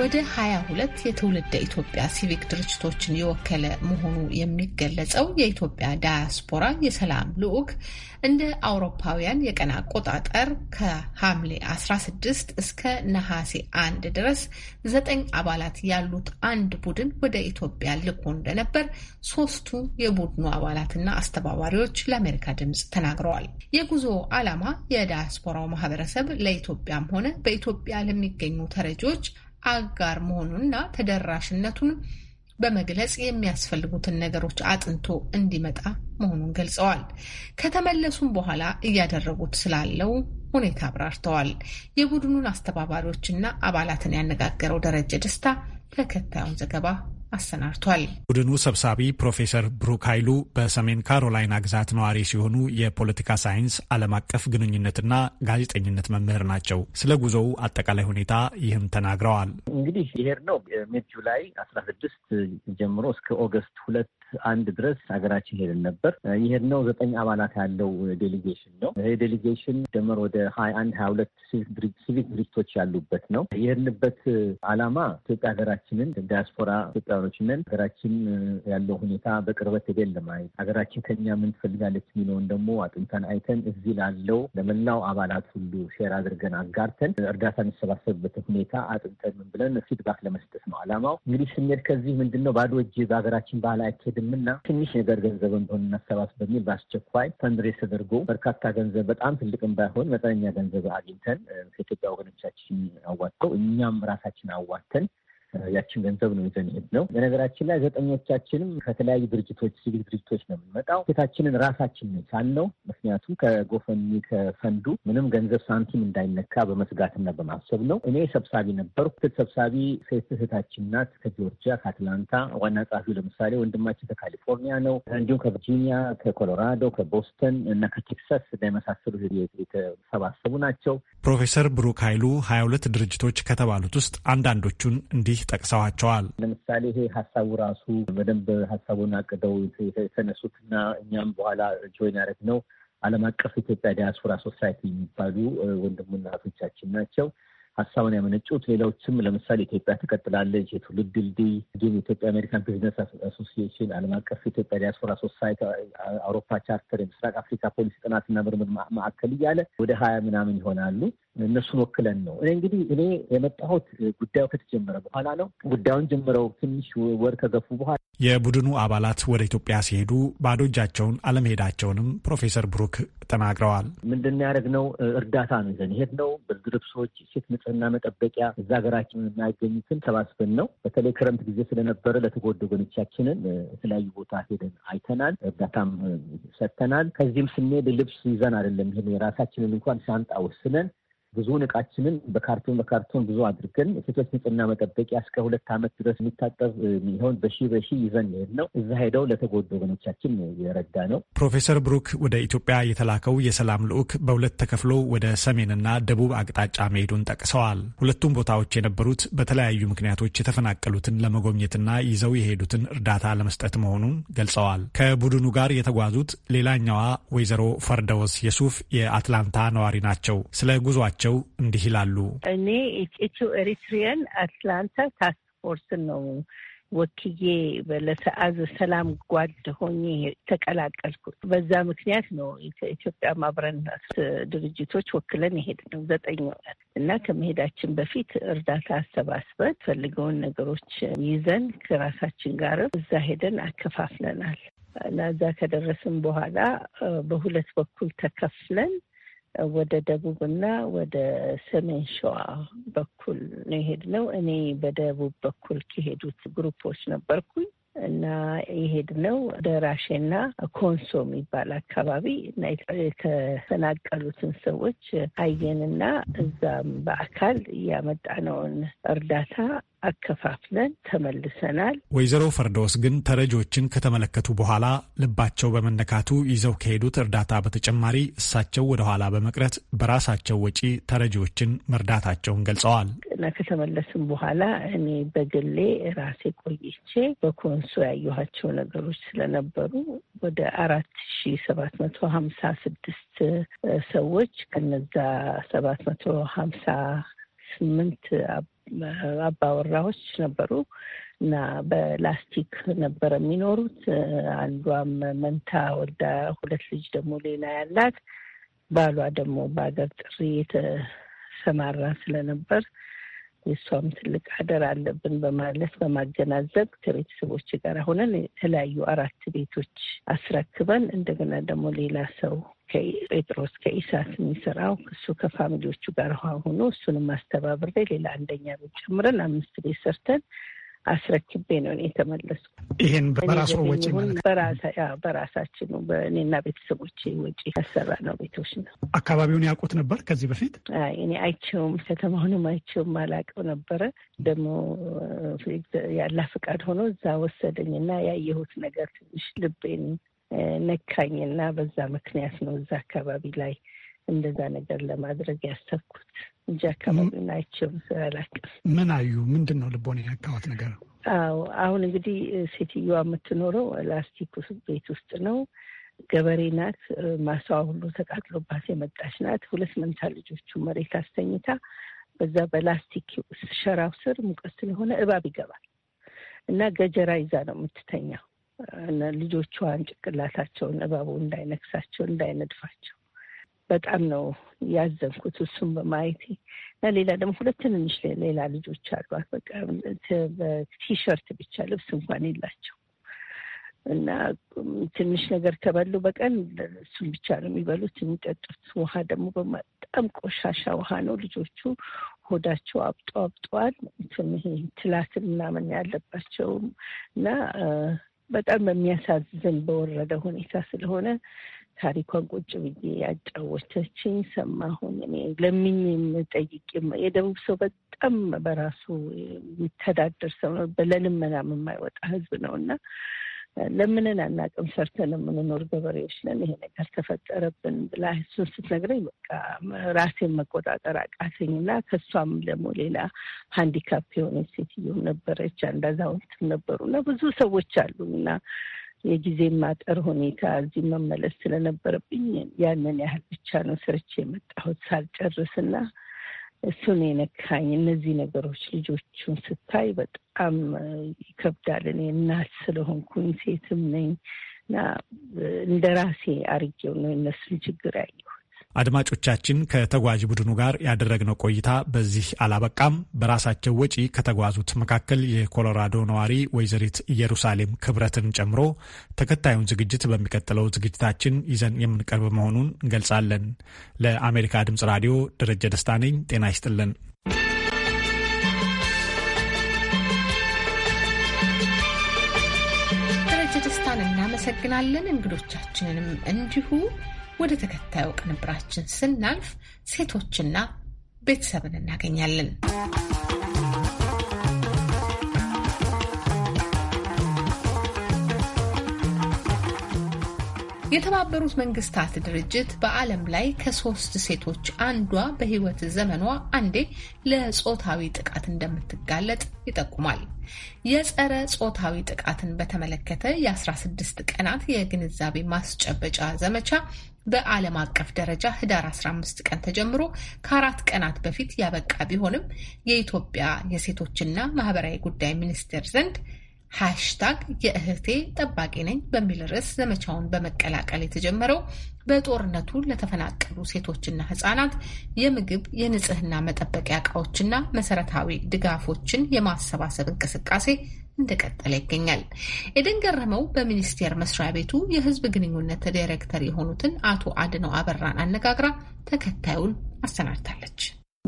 ወደ 22 የትውልደ ኢትዮጵያ ሲቪክ ድርጅቶችን የወከለ መሆኑ የሚገለጸው የኢትዮጵያ ዳያስፖራ የሰላም ልዑክ እንደ አውሮፓውያን የቀን አቆጣጠር ከሐምሌ 16 እስከ ነሐሴ 1 ድረስ ዘጠኝ አባላት ያሉት አንድ ቡድን ወደ ኢትዮጵያ ልኮ እንደነበር ሶስቱ የቡድኑ አባላትና አስተባባሪዎች ለአሜሪካ ድምፅ ተናግረዋል። የጉዞ ዓላማ የዳያስፖራው ማህበረሰብ ለኢትዮጵያም ሆነ በኢትዮጵያ ለሚገኙ ተረጂዎች አጋር መሆኑንና ተደራሽነቱን በመግለጽ የሚያስፈልጉትን ነገሮች አጥንቶ እንዲመጣ መሆኑን ገልጸዋል። ከተመለሱም በኋላ እያደረጉት ስላለው ሁኔታ አብራርተዋል። የቡድኑን አስተባባሪዎችና አባላትን ያነጋገረው ደረጀ ደስታ ተከታዩን ዘገባ አሰናድቷል።
ቡድኑ ሰብሳቢ ፕሮፌሰር ብሩክ ኃይሉ በሰሜን ካሮላይና ግዛት ነዋሪ ሲሆኑ የፖለቲካ ሳይንስ፣ ዓለም አቀፍ ግንኙነትና ጋዜጠኝነት መምህር ናቸው። ስለ ጉዞው አጠቃላይ ሁኔታ ይህም ተናግረዋል።
እንግዲህ ይሄድ ነው ሜድ ጁላይ አስራ ስድስት ጀምሮ እስከ ኦገስት ሁለት አንድ ድረስ ሀገራችን ሄደን ነበር። ይሄድ ነው ዘጠኝ አባላት ያለው ዴሊጌሽን ነው። ይሄ ዴሊጌሽን ደመር ወደ ሀያ አንድ ሀያ ሁለት ሲቪክ ድርጅቶች ያሉበት ነው። የሄድንበት ዓላማ ኢትዮጵያ ሀገራችንን ዲያስፖራ ኢትዮጵያ አመራሮች ነን። ሀገራችን ያለው ሁኔታ በቅርበት ሄደን ለማየት ሀገራችን ከኛ ምን ትፈልጋለች የሚለውን ደግሞ አጥንተን አይተን እዚህ ላለው ለመላው አባላት ሁሉ ሼር አድርገን አጋርተን እርዳታ የሚሰባሰብበትን ሁኔታ አጥንተን ምን ብለን ፊድባክ ለመስጠት ነው አላማው። እንግዲህ ስሜት ከዚህ ምንድን ነው ባዶ እጅ በሀገራችን ባህል አይኬድም ትንሽ ነገር ገንዘብ እንደሆነ እናሰባስ በሚል በአስቸኳይ ፈንድሬስ ተደርጎ በርካታ ገንዘብ በጣም ትልቅም ባይሆን መጠነኛ ገንዘብ አግኝተን ከኢትዮጵያ ወገኖቻችን አዋጥተው እኛም ራሳችን አዋጥተን ያችን ገንዘብ ነው ይዘን ሄድ ነው። በነገራችን ላይ ዘጠኞቻችንም ከተለያዩ ድርጅቶች፣ ሲቪል ድርጅቶች ነው የምንመጣው። ሴታችንን ራሳችን ሳልነው ምክንያቱም ከጎፈኒ ከፈንዱ ምንም ገንዘብ ሳንቲም እንዳይነካ በመስጋትና በማሰብ ነው። እኔ ሰብሳቢ ነበርኩ። ሰብሳቢ ሴት እህታችን ናት። ከጆርጂያ ከአትላንታ ዋና ጸሐፊው ለምሳሌ ወንድማችን ከካሊፎርኒያ ነው። እንዲሁም ከቨርጂኒያ፣ ከኮሎራዶ፣ ከቦስተን እና ከቴክሳስ እና የመሳሰሉ የተሰባሰቡ ናቸው።
ፕሮፌሰር ብሩክ ኃይሉ ሀያ ሁለት ድርጅቶች ከተባሉት ውስጥ አንዳንዶቹን እንዲህ እንደዚህ ጠቅሰዋቸዋል።
ለምሳሌ ይሄ ሀሳቡ ራሱ በደንብ ሀሳቡን አቅደው የተነሱትና እኛም በኋላ ጆይን ነው ዓለም አቀፍ ኢትዮጵያ ዲያስፖራ ሶሳይቲ የሚባሉ ወንድሙና እህቶቻችን ናቸው ሀሳቡን ያመነጩት። ሌሎችም ለምሳሌ ኢትዮጵያ ትቀጥላለች፣ የትውልድ ድልድይ፣ እንዲሁም የኢትዮጵያ አሜሪካን ቢዝነስ አሶሲዬሽን፣ ዓለም አቀፍ ኢትዮጵያ ዲያስፖራ ሶሳይቲ፣ አውሮፓ ቻርተር፣ የምስራቅ አፍሪካ ፖሊሲ ጥናትና ምርምር ማዕከል እያለ ወደ ሀያ ምናምን ይሆናሉ። እነሱን ወክለን ነው። እኔ እንግዲህ እኔ የመጣሁት ጉዳዩ ከተጀመረ በኋላ ነው። ጉዳዩን ጀምረው ትንሽ ወር ከገፉ በኋላ
የቡድኑ አባላት ወደ ኢትዮጵያ ሲሄዱ ባዶ እጃቸውን አለመሄዳቸውንም ፕሮፌሰር ብሩክ ተናግረዋል።
ምንድን ያደረግነው እርዳታ ነው ይዘን ነው። ብርድ ልብሶች፣ ሴት ንጽህና መጠበቂያ እዛ ሀገራችን የማያገኙትን ሰባስበን ነው። በተለይ ክረምት ጊዜ ስለነበረ ለተጎዱ ወገኖቻችንን የተለያዩ ቦታ ሄደን አይተናል። እርዳታም ሰጥተናል። ከዚህም ስንሄድ ልብስ ይዘን አይደለም ይሄ የራሳችንን እንኳን ሻንጣ ወስነን ብዙውን እቃችንን በካርቶን በካርቶን ብዙ አድርገን ሴቶች ንጽህና መጠበቂያ እስከ ሁለት ዓመት ድረስ የሚታጠብ የሚሆን በሺ በሺ ይዘን ሄድ ነው። እዛ ሄደው ለተጎዱ ወገኖቻችን የረዳ ነው።
ፕሮፌሰር ብሩክ ወደ ኢትዮጵያ የተላከው የሰላም ልዑክ በሁለት ተከፍሎ ወደ ሰሜንና ደቡብ አቅጣጫ መሄዱን ጠቅሰዋል። ሁለቱም ቦታዎች የነበሩት በተለያዩ ምክንያቶች የተፈናቀሉትን ለመጎብኘትና ይዘው የሄዱትን እርዳታ ለመስጠት መሆኑን ገልጸዋል። ከቡድኑ ጋር የተጓዙት ሌላኛዋ ወይዘሮ ፈርደወስ የሱፍ የአትላንታ ነዋሪ ናቸው። ስለ ጉዟቸው በበኩላቸው እንዲህ ይላሉ።
እኔ ኢትዮ ኤሪትሪያን አትላንታ ታስክ ነው ወክዬ ለሰአዝ ሰላም ጓድ ሆኜ ተቀላቀልኩ። በዛ ምክንያት ነው ኢትዮጵያ ማብረናት ድርጅቶች ወክለን የሄድ ነው ዘጠኝ ወራት እና ከመሄዳችን በፊት እርዳታ አሰባስበት ፈልገውን ነገሮች ይዘን ከራሳችን ጋር እዛ ሄደን አከፋፍለናል እና እዛ ከደረስን በኋላ በሁለት በኩል ተከፍለን ወደ ደቡብና ወደ ሰሜን ሸዋ በኩል ነው የሄድነው። እኔ በደቡብ በኩል ከሄዱት ግሩፖች ነበርኩኝ እና የሄድነው ደራሼና ኮንሶ የሚባል አካባቢ የተፈናቀሉትን ሰዎች አየንና እዛም በአካል ያመጣነውን እርዳታ አከፋፍለን ተመልሰናል።
ወይዘሮ ፈርዶስ ግን ተረጆችን ከተመለከቱ በኋላ ልባቸው በመነካቱ ይዘው ከሄዱት እርዳታ በተጨማሪ እሳቸው ወደ ኋላ በመቅረት በራሳቸው ወጪ ተረጂዎችን መርዳታቸውን ገልጸዋል።
እና ከተመለስም በኋላ እኔ በግሌ ራሴ ቆይቼ በኮንሶ ያየኋቸው ነገሮች ስለነበሩ ወደ አራት ሺ ሰባት መቶ ሀምሳ ስድስት ሰዎች ከነዛ ሰባት መቶ ሀምሳ ስምንት አባወራዎች ነበሩ እና በላስቲክ ነበረ የሚኖሩት። አንዷም መንታ ወልዳ ሁለት ልጅ ደግሞ ሌላ ያላት ባሏ ደግሞ በሀገር ጥሪ የተሰማራ ስለነበር የእሷም ትልቅ አደር አለብን በማለት በማገናዘብ ከቤተሰቦች ጋር ሆነን የተለያዩ አራት ቤቶች አስረክበን እንደገና ደግሞ ሌላ ሰው ጴጥሮስ ከኢሳት የሚሰራው እሱ ከፋሚሊዎቹ ጋር ሆኖ እሱንም አስተባብሬ ሌላ አንደኛ ቤት ጨምረን አምስት ቤት ሰርተን አስረክቤ ነው እኔ የተመለስኩ።
ይሄን በራስዎ ወጪ ማለት
በራሳችን በእኔና ቤተሰቦቼ ወጪ ያሰራ ነው ቤቶች ነው።
አካባቢውን ያውቁት ነበር ከዚህ በፊት?
እኔ አይቼውም ከተማውንም አይቼውም አላውቀው ነበረ። ደግሞ ያላ ፈቃድ ሆኖ እዛ ወሰደኝና ያየሁት ነገር ትንሽ ልቤን ነካኝና በዛ ምክንያት ነው እዛ አካባቢ ላይ እንደዛ ነገር ለማድረግ ያሰብኩት። እንጂ አካባቢ ናቸው ስላላቅ
ምን አዩ? ምንድን ነው ልቦን የነካዋት ነገር?
አዎ አሁን እንግዲህ ሴትዮዋ የምትኖረው ላስቲክ ቤት ውስጥ ነው። ገበሬ ናት። ማሳዋ ሁሉ ተቃጥሎባት የመጣች ናት። ሁለት መንታ ልጆቹ መሬት አስተኝታ በዛ በላስቲክ ሸራው ስር ሙቀት ስለሆነ እባብ ይገባል እና ገጀራ ይዛ ነው የምትተኛው። ልጆቿን ጭንቅላታቸውን እባቡ እንዳይነክሳቸው እንዳይነድፋቸው በጣም ነው ያዘንኩት እሱም በማየቴ እና ሌላ ደግሞ ሁለት ትንንሽ ሌላ ልጆች አሏት። በቃ ቲሸርት ብቻ ልብስ እንኳን የላቸው እና ትንሽ ነገር ከበሉ በቀን እሱም ብቻ ነው የሚበሉት የሚጠጡት። ውሃ ደግሞ በጣም ቆሻሻ ውሃ ነው። ልጆቹ ሆዳቸው አብጦ አብጠዋል። ትላትል ምናምን ያለባቸውም እና በጣም በሚያሳዝን በወረደ ሁኔታ ስለሆነ ታሪኳን ቁጭ ብዬ ያጫወተችኝ ሰማሁን። እኔ ለምኝ የምጠይቅ የደቡብ ሰው በጣም በራሱ የሚተዳደር ሰው ነው። ለልመናም የማይወጣ ህዝብ ነው እና ለምንን አናቅም፣ ሰርተን የምንኖር ገበሬዎች ነን፣ ይሄ ነገር ተፈጠረብን ብላ እሱን ስትነግረኝ በቃ ራሴን መቆጣጠር አቃተኝ እና ከእሷም ደግሞ ሌላ ሀንዲካፕ የሆነች ሴትዮም ነበረች፣ አንድ አዛውንትም ነበሩ እና ብዙ ሰዎች አሉ እና የጊዜ ማጠር ሁኔታ እዚህ መመለስ ስለነበረብኝ ያንን ያህል ብቻ ነው ስርቼ የመጣሁት ሳልጨርስና እሱን የነካኝ እነዚህ ነገሮች ልጆቹን ስታይ በጣም ይከብዳል። እኔ እናት ስለሆንኩኝ ሴትም ነኝ እና እንደ ራሴ አርጌው ነው እነሱን ችግር ያየሁ
አድማጮቻችን ከተጓዥ ቡድኑ ጋር ያደረግነው ቆይታ በዚህ አላበቃም። በራሳቸው ወጪ ከተጓዙት መካከል የኮሎራዶ ነዋሪ ወይዘሪት ኢየሩሳሌም ክብረትን ጨምሮ ተከታዩን ዝግጅት በሚቀጥለው ዝግጅታችን ይዘን የምንቀርብ መሆኑን እንገልጻለን። ለአሜሪካ ድምጽ ራዲዮ ደረጀ ደስታ ነኝ። ጤና ይስጥልን።
ደረጀ ደስታን እናመሰግናለን። እንግዶቻችንንም እንዲሁ ወደ ተከታዩ ቅንብራችን ስናልፍ ሴቶችና ቤተሰብን እናገኛለን። የተባበሩት መንግስታት ድርጅት በዓለም ላይ ከሶስት ሴቶች አንዷ በህይወት ዘመኗ አንዴ ለጾታዊ ጥቃት እንደምትጋለጥ ይጠቁማል። የጸረ ጾታዊ ጥቃትን በተመለከተ የ16 ቀናት የግንዛቤ ማስጨበጫ ዘመቻ በዓለም አቀፍ ደረጃ ህዳር 15 ቀን ተጀምሮ ከአራት ቀናት በፊት ያበቃ ቢሆንም የኢትዮጵያ የሴቶችና ማህበራዊ ጉዳይ ሚኒስቴር ዘንድ ሃሽታግ የእህቴ ጠባቂ ነኝ በሚል ርዕስ ዘመቻውን በመቀላቀል የተጀመረው በጦርነቱ ለተፈናቀሉ ሴቶችና ህጻናት የምግብ፣ የንጽህና መጠበቂያ እቃዎችና መሰረታዊ ድጋፎችን የማሰባሰብ እንቅስቃሴ እንደቀጠለ ይገኛል። ኤደን ገረመው በሚኒስቴር መስሪያ ቤቱ የህዝብ ግንኙነት ዳይሬክተር የሆኑትን አቶ አድነው አበራን አነጋግራ
ተከታዩን አሰናድታለች።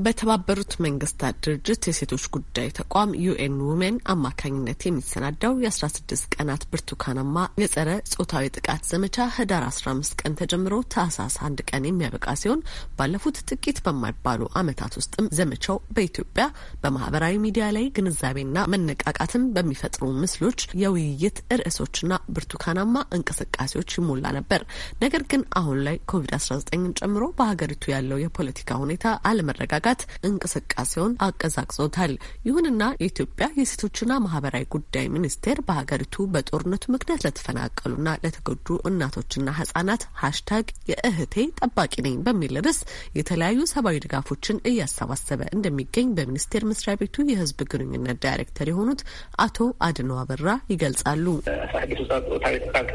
በተባበሩት መንግስታት ድርጅት የሴቶች ጉዳይ ተቋም ዩኤን ውሜን አማካኝነት የሚሰናዳው የ ስድስት ቀናት ብርቱካናማ የጸረ ጾታዊ ጥቃት ዘመቻ ህዳር አስራ አምስት ቀን ተጀምሮ ታህሳስ አንድ ቀን የሚያበቃ ሲሆን ባለፉት ጥቂት በማይባሉ ዓመታት ውስጥም ዘመቻው በኢትዮጵያ በማህበራዊ ሚዲያ ላይ ግንዛቤና መነቃቃትን በሚፈጥሩ ምስሎች፣ የውይይት ርዕሶችና ብርቱካናማ እንቅስቃሴዎች ይሞላ ነበር። ነገር ግን አሁን ላይ ኮቪድ አስራ ዘጠኝን ጨምሮ በሀገሪቱ ያለው የፖለቲካ ሁኔታ አለመረጋጋት መዘጋት እንቅስቃሴውን አቀዛቅዞታል። ይሁንና የኢትዮጵያ የሴቶችና ማህበራዊ ጉዳይ ሚኒስቴር በሀገሪቱ በጦርነቱ ምክንያት ለተፈናቀሉና ለተጎዱ እናቶችና ህጻናት ሀሽታግ የእህቴ ጠባቂ ነኝ በሚል ርዕስ የተለያዩ ሰብአዊ ድጋፎችን እያሰባሰበ እንደሚገኝ በሚኒስቴር መስሪያ ቤቱ የህዝብ ግንኙነት ዳይሬክተር የሆኑት አቶ አድኖ አበራ ይገልጻሉ።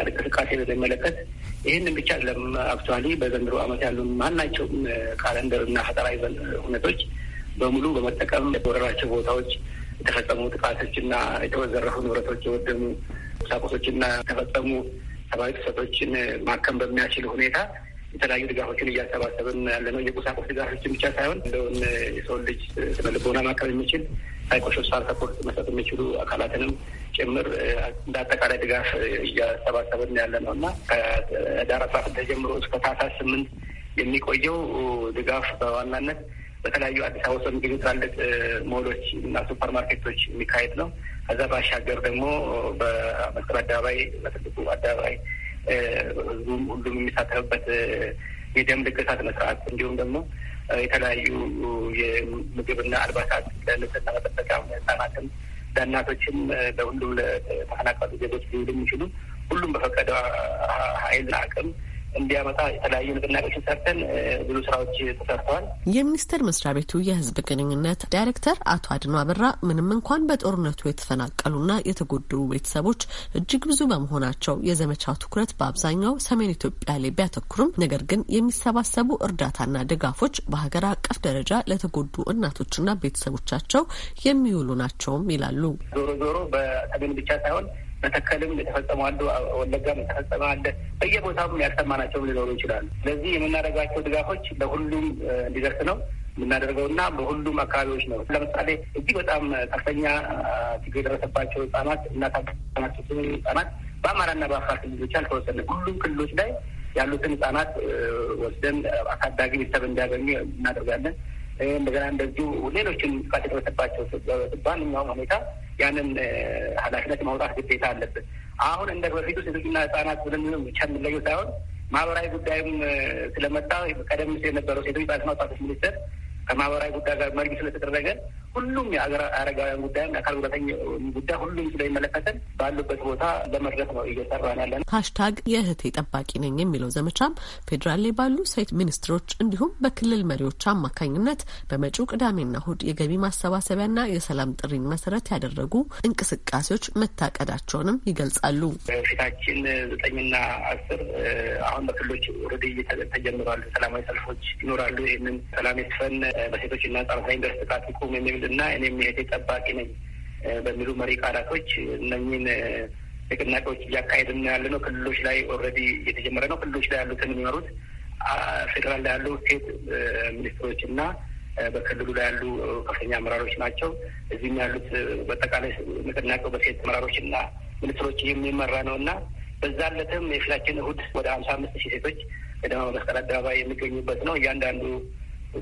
እንቅስቃሴ ይህንን ብቻ ለም አክቹዋሊ በዘንድሮ ዓመት ያሉ ማናቸውም ካለንደር ፈጠራ ይዘን ሁነ ጥቃቶች በሙሉ በመጠቀም የተወረራቸው ቦታዎች የተፈጸሙ ጥቃቶች የተወዘረፉ ንብረቶች፣ የወደሙ ቁሳቁሶች እና የተፈጸሙ ሰብአዊ ጥሰቶችን ማከም በሚያስችል ሁኔታ የተለያዩ ድጋፎችን እያሰባሰብን ያለ ነው። የቁሳቁስ ድጋፎችን ብቻ ሳይሆን እንደውን የሰው ልጅ ስነልቦና ማከም የሚችል ሳይኮሶሻል ሰፖርት መስጠት የሚችሉ አካላትንም ጭምር እንደ አጠቃላይ ድጋፍ እያሰባሰብን ያለ ነው እና ከዳር አስራ ስድስት ተጀምሮ እስከ ታህሳስ ስምንት የሚቆየው ድጋፍ በዋናነት በተለያዩ አዲስ አበባ ውስጥ የሚገኙ ትላልቅ ሞሎች እና ሱፐር ማርኬቶች የሚካሄድ ነው። ከዛ ባሻገር ደግሞ በመስቀል አደባባይ፣ በትልቁ አደባባይ ህዝቡም ሁሉም የሚሳተፍበት የደም ልገሳ ስነ እንዲሁም ደግሞ የተለያዩ የምግብና አልባሳት ለንጽህና መጠበቂያ ህጻናትም ለእናቶችም ለሁሉም ለተፈናቀሉ ዜጎች ሊውሉ የሚችሉ ሁሉም በፈቀደ ሀይል አቅም እንዲያመጣ የተለያዩ ንቅናቄዎችን ሰርተን
ብዙ ስራዎች ተሰርተዋል። የሚኒስቴር መስሪያ ቤቱ የህዝብ ግንኙነት ዳይሬክተር አቶ አድኖ አበራ ምንም እንኳን በጦርነቱ የተፈናቀሉና የተጎዱ ቤተሰቦች እጅግ ብዙ በመሆናቸው የዘመቻው ትኩረት በአብዛኛው ሰሜን ኢትዮጵያ ላይ ቢያተኩርም፣ ነገር ግን የሚሰባሰቡ እርዳታና ድጋፎች በሀገር አቀፍ ደረጃ ለተጎዱ እናቶችና ቤተሰቦቻቸው የሚውሉ ናቸውም ይላሉ።
ዞሮ ዞሮ በሰሜን ብቻ ሳይሆን መተከልም የተፈጸሙ አሉ፣ ወለጋም የተፈጸመ አለ። በየቦታውም ያሰማናቸውም ሊኖሩ ይችላሉ። ስለዚህ የምናደርጋቸው ድጋፎች ለሁሉም እንዲደርስ ነው የምናደርገው እና በሁሉም አካባቢዎች ነው። ለምሳሌ እጅግ በጣም ከፍተኛ ችግር የደረሰባቸው ህጻናት እና ታናናሽ ህጻናት በአማራና በአፋር ክልሎች አልተወሰነ ሁሉም ክልሎች ላይ ያሉትን ህጻናት ወስደን አሳዳጊ ቤተሰብ እንዲያገኙ እናደርጋለን። እንደገና እንደዚሁ ሌሎችን ጥቃት የደረሰባቸው በማንኛውም ሁኔታ ያንን ኃላፊነት ማውጣት ግዴታ አለብን። አሁን እንደ በፊቱ ሴቶችና ህጻናት ብለን ብቻ የምንለየው ሳይሆን ማህበራዊ ጉዳይም ስለመጣ ቀደም ሲል የነበረው ሴቶች ህጻናትና ወጣቶች ከማህበራዊ ጉዳይ ጋር መርጅ ስለተደረገ ሁሉም የሀገር አረጋውያን ጉዳይ፣ የአካል ጉዳተኛ ጉዳይ ሁሉም ስለሚመለከተን ባሉበት ቦታ ለመድረስ ነው እየሰራን ያለ ነው።
ሀሽታግ የእህቴ ጠባቂ ነኝ የሚለው ዘመቻም ፌዴራል ላይ ባሉ ሴት ሚኒስትሮች እንዲሁም በክልል መሪዎች አማካኝነት በመጪው ቅዳሜና እሁድ የገቢ ማሰባሰቢያና የሰላም ጥሪን መሰረት ያደረጉ እንቅስቃሴዎች መታቀዳቸውንም ይገልጻሉ።
ፊታችን ዘጠኝና አስር አሁን በክልሎች ኦልሬዲ ተጀምሯል። ሰላማዊ ሰልፎች ይኖራሉ። ይህንን ሰላም የስፈን በሴቶች እና ጸረ ዩኒቨርስቲ ጥቃት ይቁም የሚል እና እኔም የእህቴ ጠባቂ ነኝ በሚሉ መሪ ቃላቶች እነኝን ንቅናቄዎች እያካሄድን ያለ ነው። ክልሎች ላይ ኦልሬዲ እየተጀመረ ነው። ክልሎች ላይ ያሉትን የሚመሩት ፌዴራል ላይ ያሉ ሴት ሚኒስትሮች እና በክልሉ ላይ ያሉ ከፍተኛ አመራሮች ናቸው። እዚህም ያሉት በአጠቃላይ ንቅናቄው በሴት አመራሮች እና ሚኒስትሮች የሚመራ ነው እና በዛ ለትም የፊታችን እሁድ ወደ ሀምሳ አምስት ሺህ ሴቶች በደማ መስቀል አደባባይ የሚገኙበት ነው። እያንዳንዱ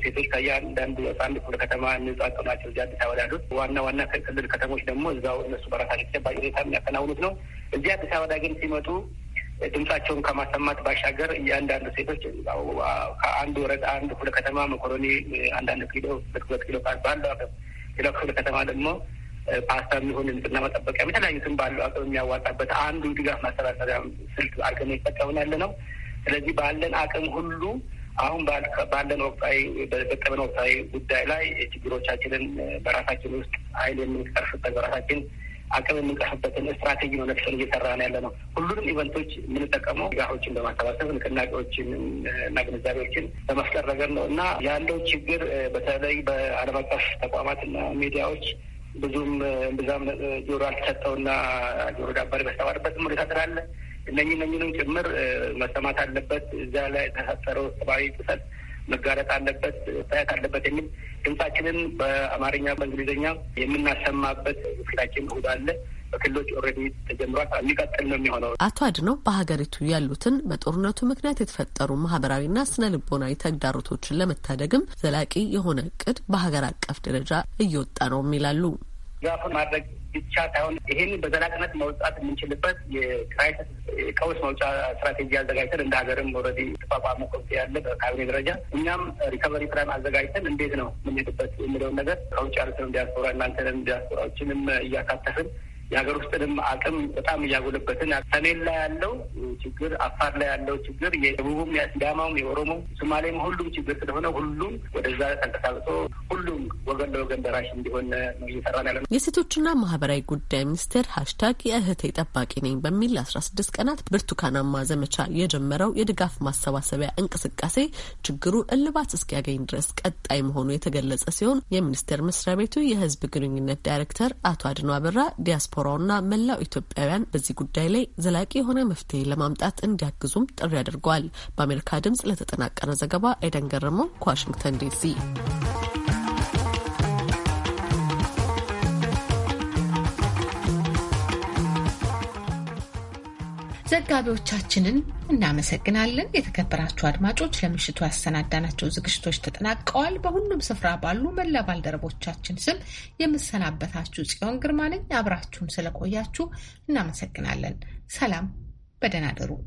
ሴቶች ከእያንዳንዱ አንድ ክፍለ ከተማ የሚውጣጡ ናቸው። እዚህ አዲስ አበባ ያሉት ዋና ዋና ክልል ከተሞች ደግሞ እዛው እነሱ በራሳቸው ተጨባጭ ሁኔታ የሚያከናውኑት ነው። እዚህ አዲስ አበባ ግን ሲመጡ ድምጻቸውን ከማሰማት ባሻገር እያንዳንዱ ሴቶች ከአንድ ወረዳ አንድ ክፍለ ከተማ መኮሮኒ አንዳንድ ኪሎ ሁለት ሁለት ኪሎ ባለ አቅም ሌላ ክፍለ ከተማ ደግሞ ፓስታ የሚሆን ንጽህና መጠበቂያ የተለያዩትም ባለው አቅም የሚያዋጣበት አንዱ ድጋፍ ማሰባሰቢያ ስልት አድርገን ይጠቀሙን ያለ ነው። ስለዚህ ባለን አቅም ሁሉ አሁን ባለን ወቅታዊ በቀበን ወቅታዊ ጉዳይ ላይ ችግሮቻችንን በራሳችን ውስጥ ኃይል የምንቀርፍበት በራሳችን አቅም የምንቀርፍበትን ስትራቴጂ ነው ነፍሰን እየሰራ ነው ያለ ነው። ሁሉንም ኢቨንቶች የምንጠቀመው ጋሆችን በማሰባሰብ ንቅናቄዎችን እና ግንዛቤዎችን በመፍጠር ነገር ነው እና ያለው ችግር በተለይ በዓለም አቀፍ ተቋማትና ሚዲያዎች ብዙም ብዛም ጆሮ አልተሰጠውና ጆሮ ዳባሪ በስተባርበትም ሁኔታ ስላለ እነኚህ እነኚህንም ጭምር መሰማት አለበት። እዚያ ላይ የተፈጠረው ሰብአዊ ጥሰት መጋለጥ አለበት፣ ታየት አለበት የሚል ድምጻችንን በአማርኛ በእንግሊዝኛ የምናሰማበት ፊታችን እሑድ አለ። በክልሎች ኦልሬዲ ተጀምሯል። የሚቀጥል ነው የሚሆነው።
አቶ አድነው በሀገሪቱ ያሉትን በጦርነቱ ምክንያት የተፈጠሩ ማህበራዊና ስነ ልቦናዊ ተግዳሮቶችን ለመታደግም ዘላቂ የሆነ እቅድ በሀገር አቀፍ ደረጃ እየወጣ ነው ይላሉ።
ድጋፍ ማድረግ ብቻ ሳይሆን ይህን በዘላቅነት መውጣት የምንችልበት የክራይሲስ ቀውስ መውጫ ስትራቴጂ አዘጋጅተን እንደ ሀገርም ኦልሬዲ ተቋቋመ ኮሚቴ ያለ በካቢኔ ደረጃ እኛም ሪከቨሪ ፕላን አዘጋጅተን እንዴት ነው የምንሄድበት የሚለውን ነገር ከውጭ ያሉትን ዲያስፖራ እናንተንም ዲያስፖራዎችንም እያካተፍን የሀገር ውስጥንም አቅም በጣም እያጎለበትን ሰሜን ላይ ያለው ችግር፣ አፋር ላይ ያለው ችግር የደቡቡም፣ የሲዳማውም፣ የኦሮሞው፣ ሶማሌም ሁሉም ችግር ስለሆነ ሁሉም ወደዛ ተንቀሳቅሶ ሁሉም ወገን ለወገን ደራሽ እንዲሆን ነው እየሰራን ያለ ነው።
የሴቶችና ማህበራዊ ጉዳይ ሚኒስቴር ሀሽታግ የእህቴ ጠባቂ ነኝ በሚል አስራ ስድስት ቀናት ብርቱካናማ ዘመቻ የጀመረው የድጋፍ ማሰባሰቢያ እንቅስቃሴ ችግሩ እልባት እስኪያገኝ ድረስ ቀጣይ መሆኑ የተገለጸ ሲሆን የሚኒስቴር መስሪያ ቤቱ የህዝብ ግንኙነት ዳይሬክተር አቶ አድኖ አበራ ዲያስፖራ ዲያስፖራውና መላው ኢትዮጵያውያን በዚህ ጉዳይ ላይ ዘላቂ የሆነ መፍትሄ ለማምጣት እንዲያግዙም ጥሪ አድርገዋል። በአሜሪካ ድምጽ ለተጠናቀረ ዘገባ ኤደን ገረመው ከዋሽንግተን ዲሲ
ዘጋቢዎቻችንን እናመሰግናለን። የተከበራችሁ አድማጮች ለምሽቱ ያሰናዳናቸው ዝግጅቶች ተጠናቀዋል። በሁሉም ስፍራ ባሉ መላ ባልደረቦቻችን ስም የምሰናበታችሁ ጽዮን ግርማ ነኝ። አብራችሁን ስለቆያችሁ እናመሰግናለን። ሰላም፣ በደህና
እደሩ።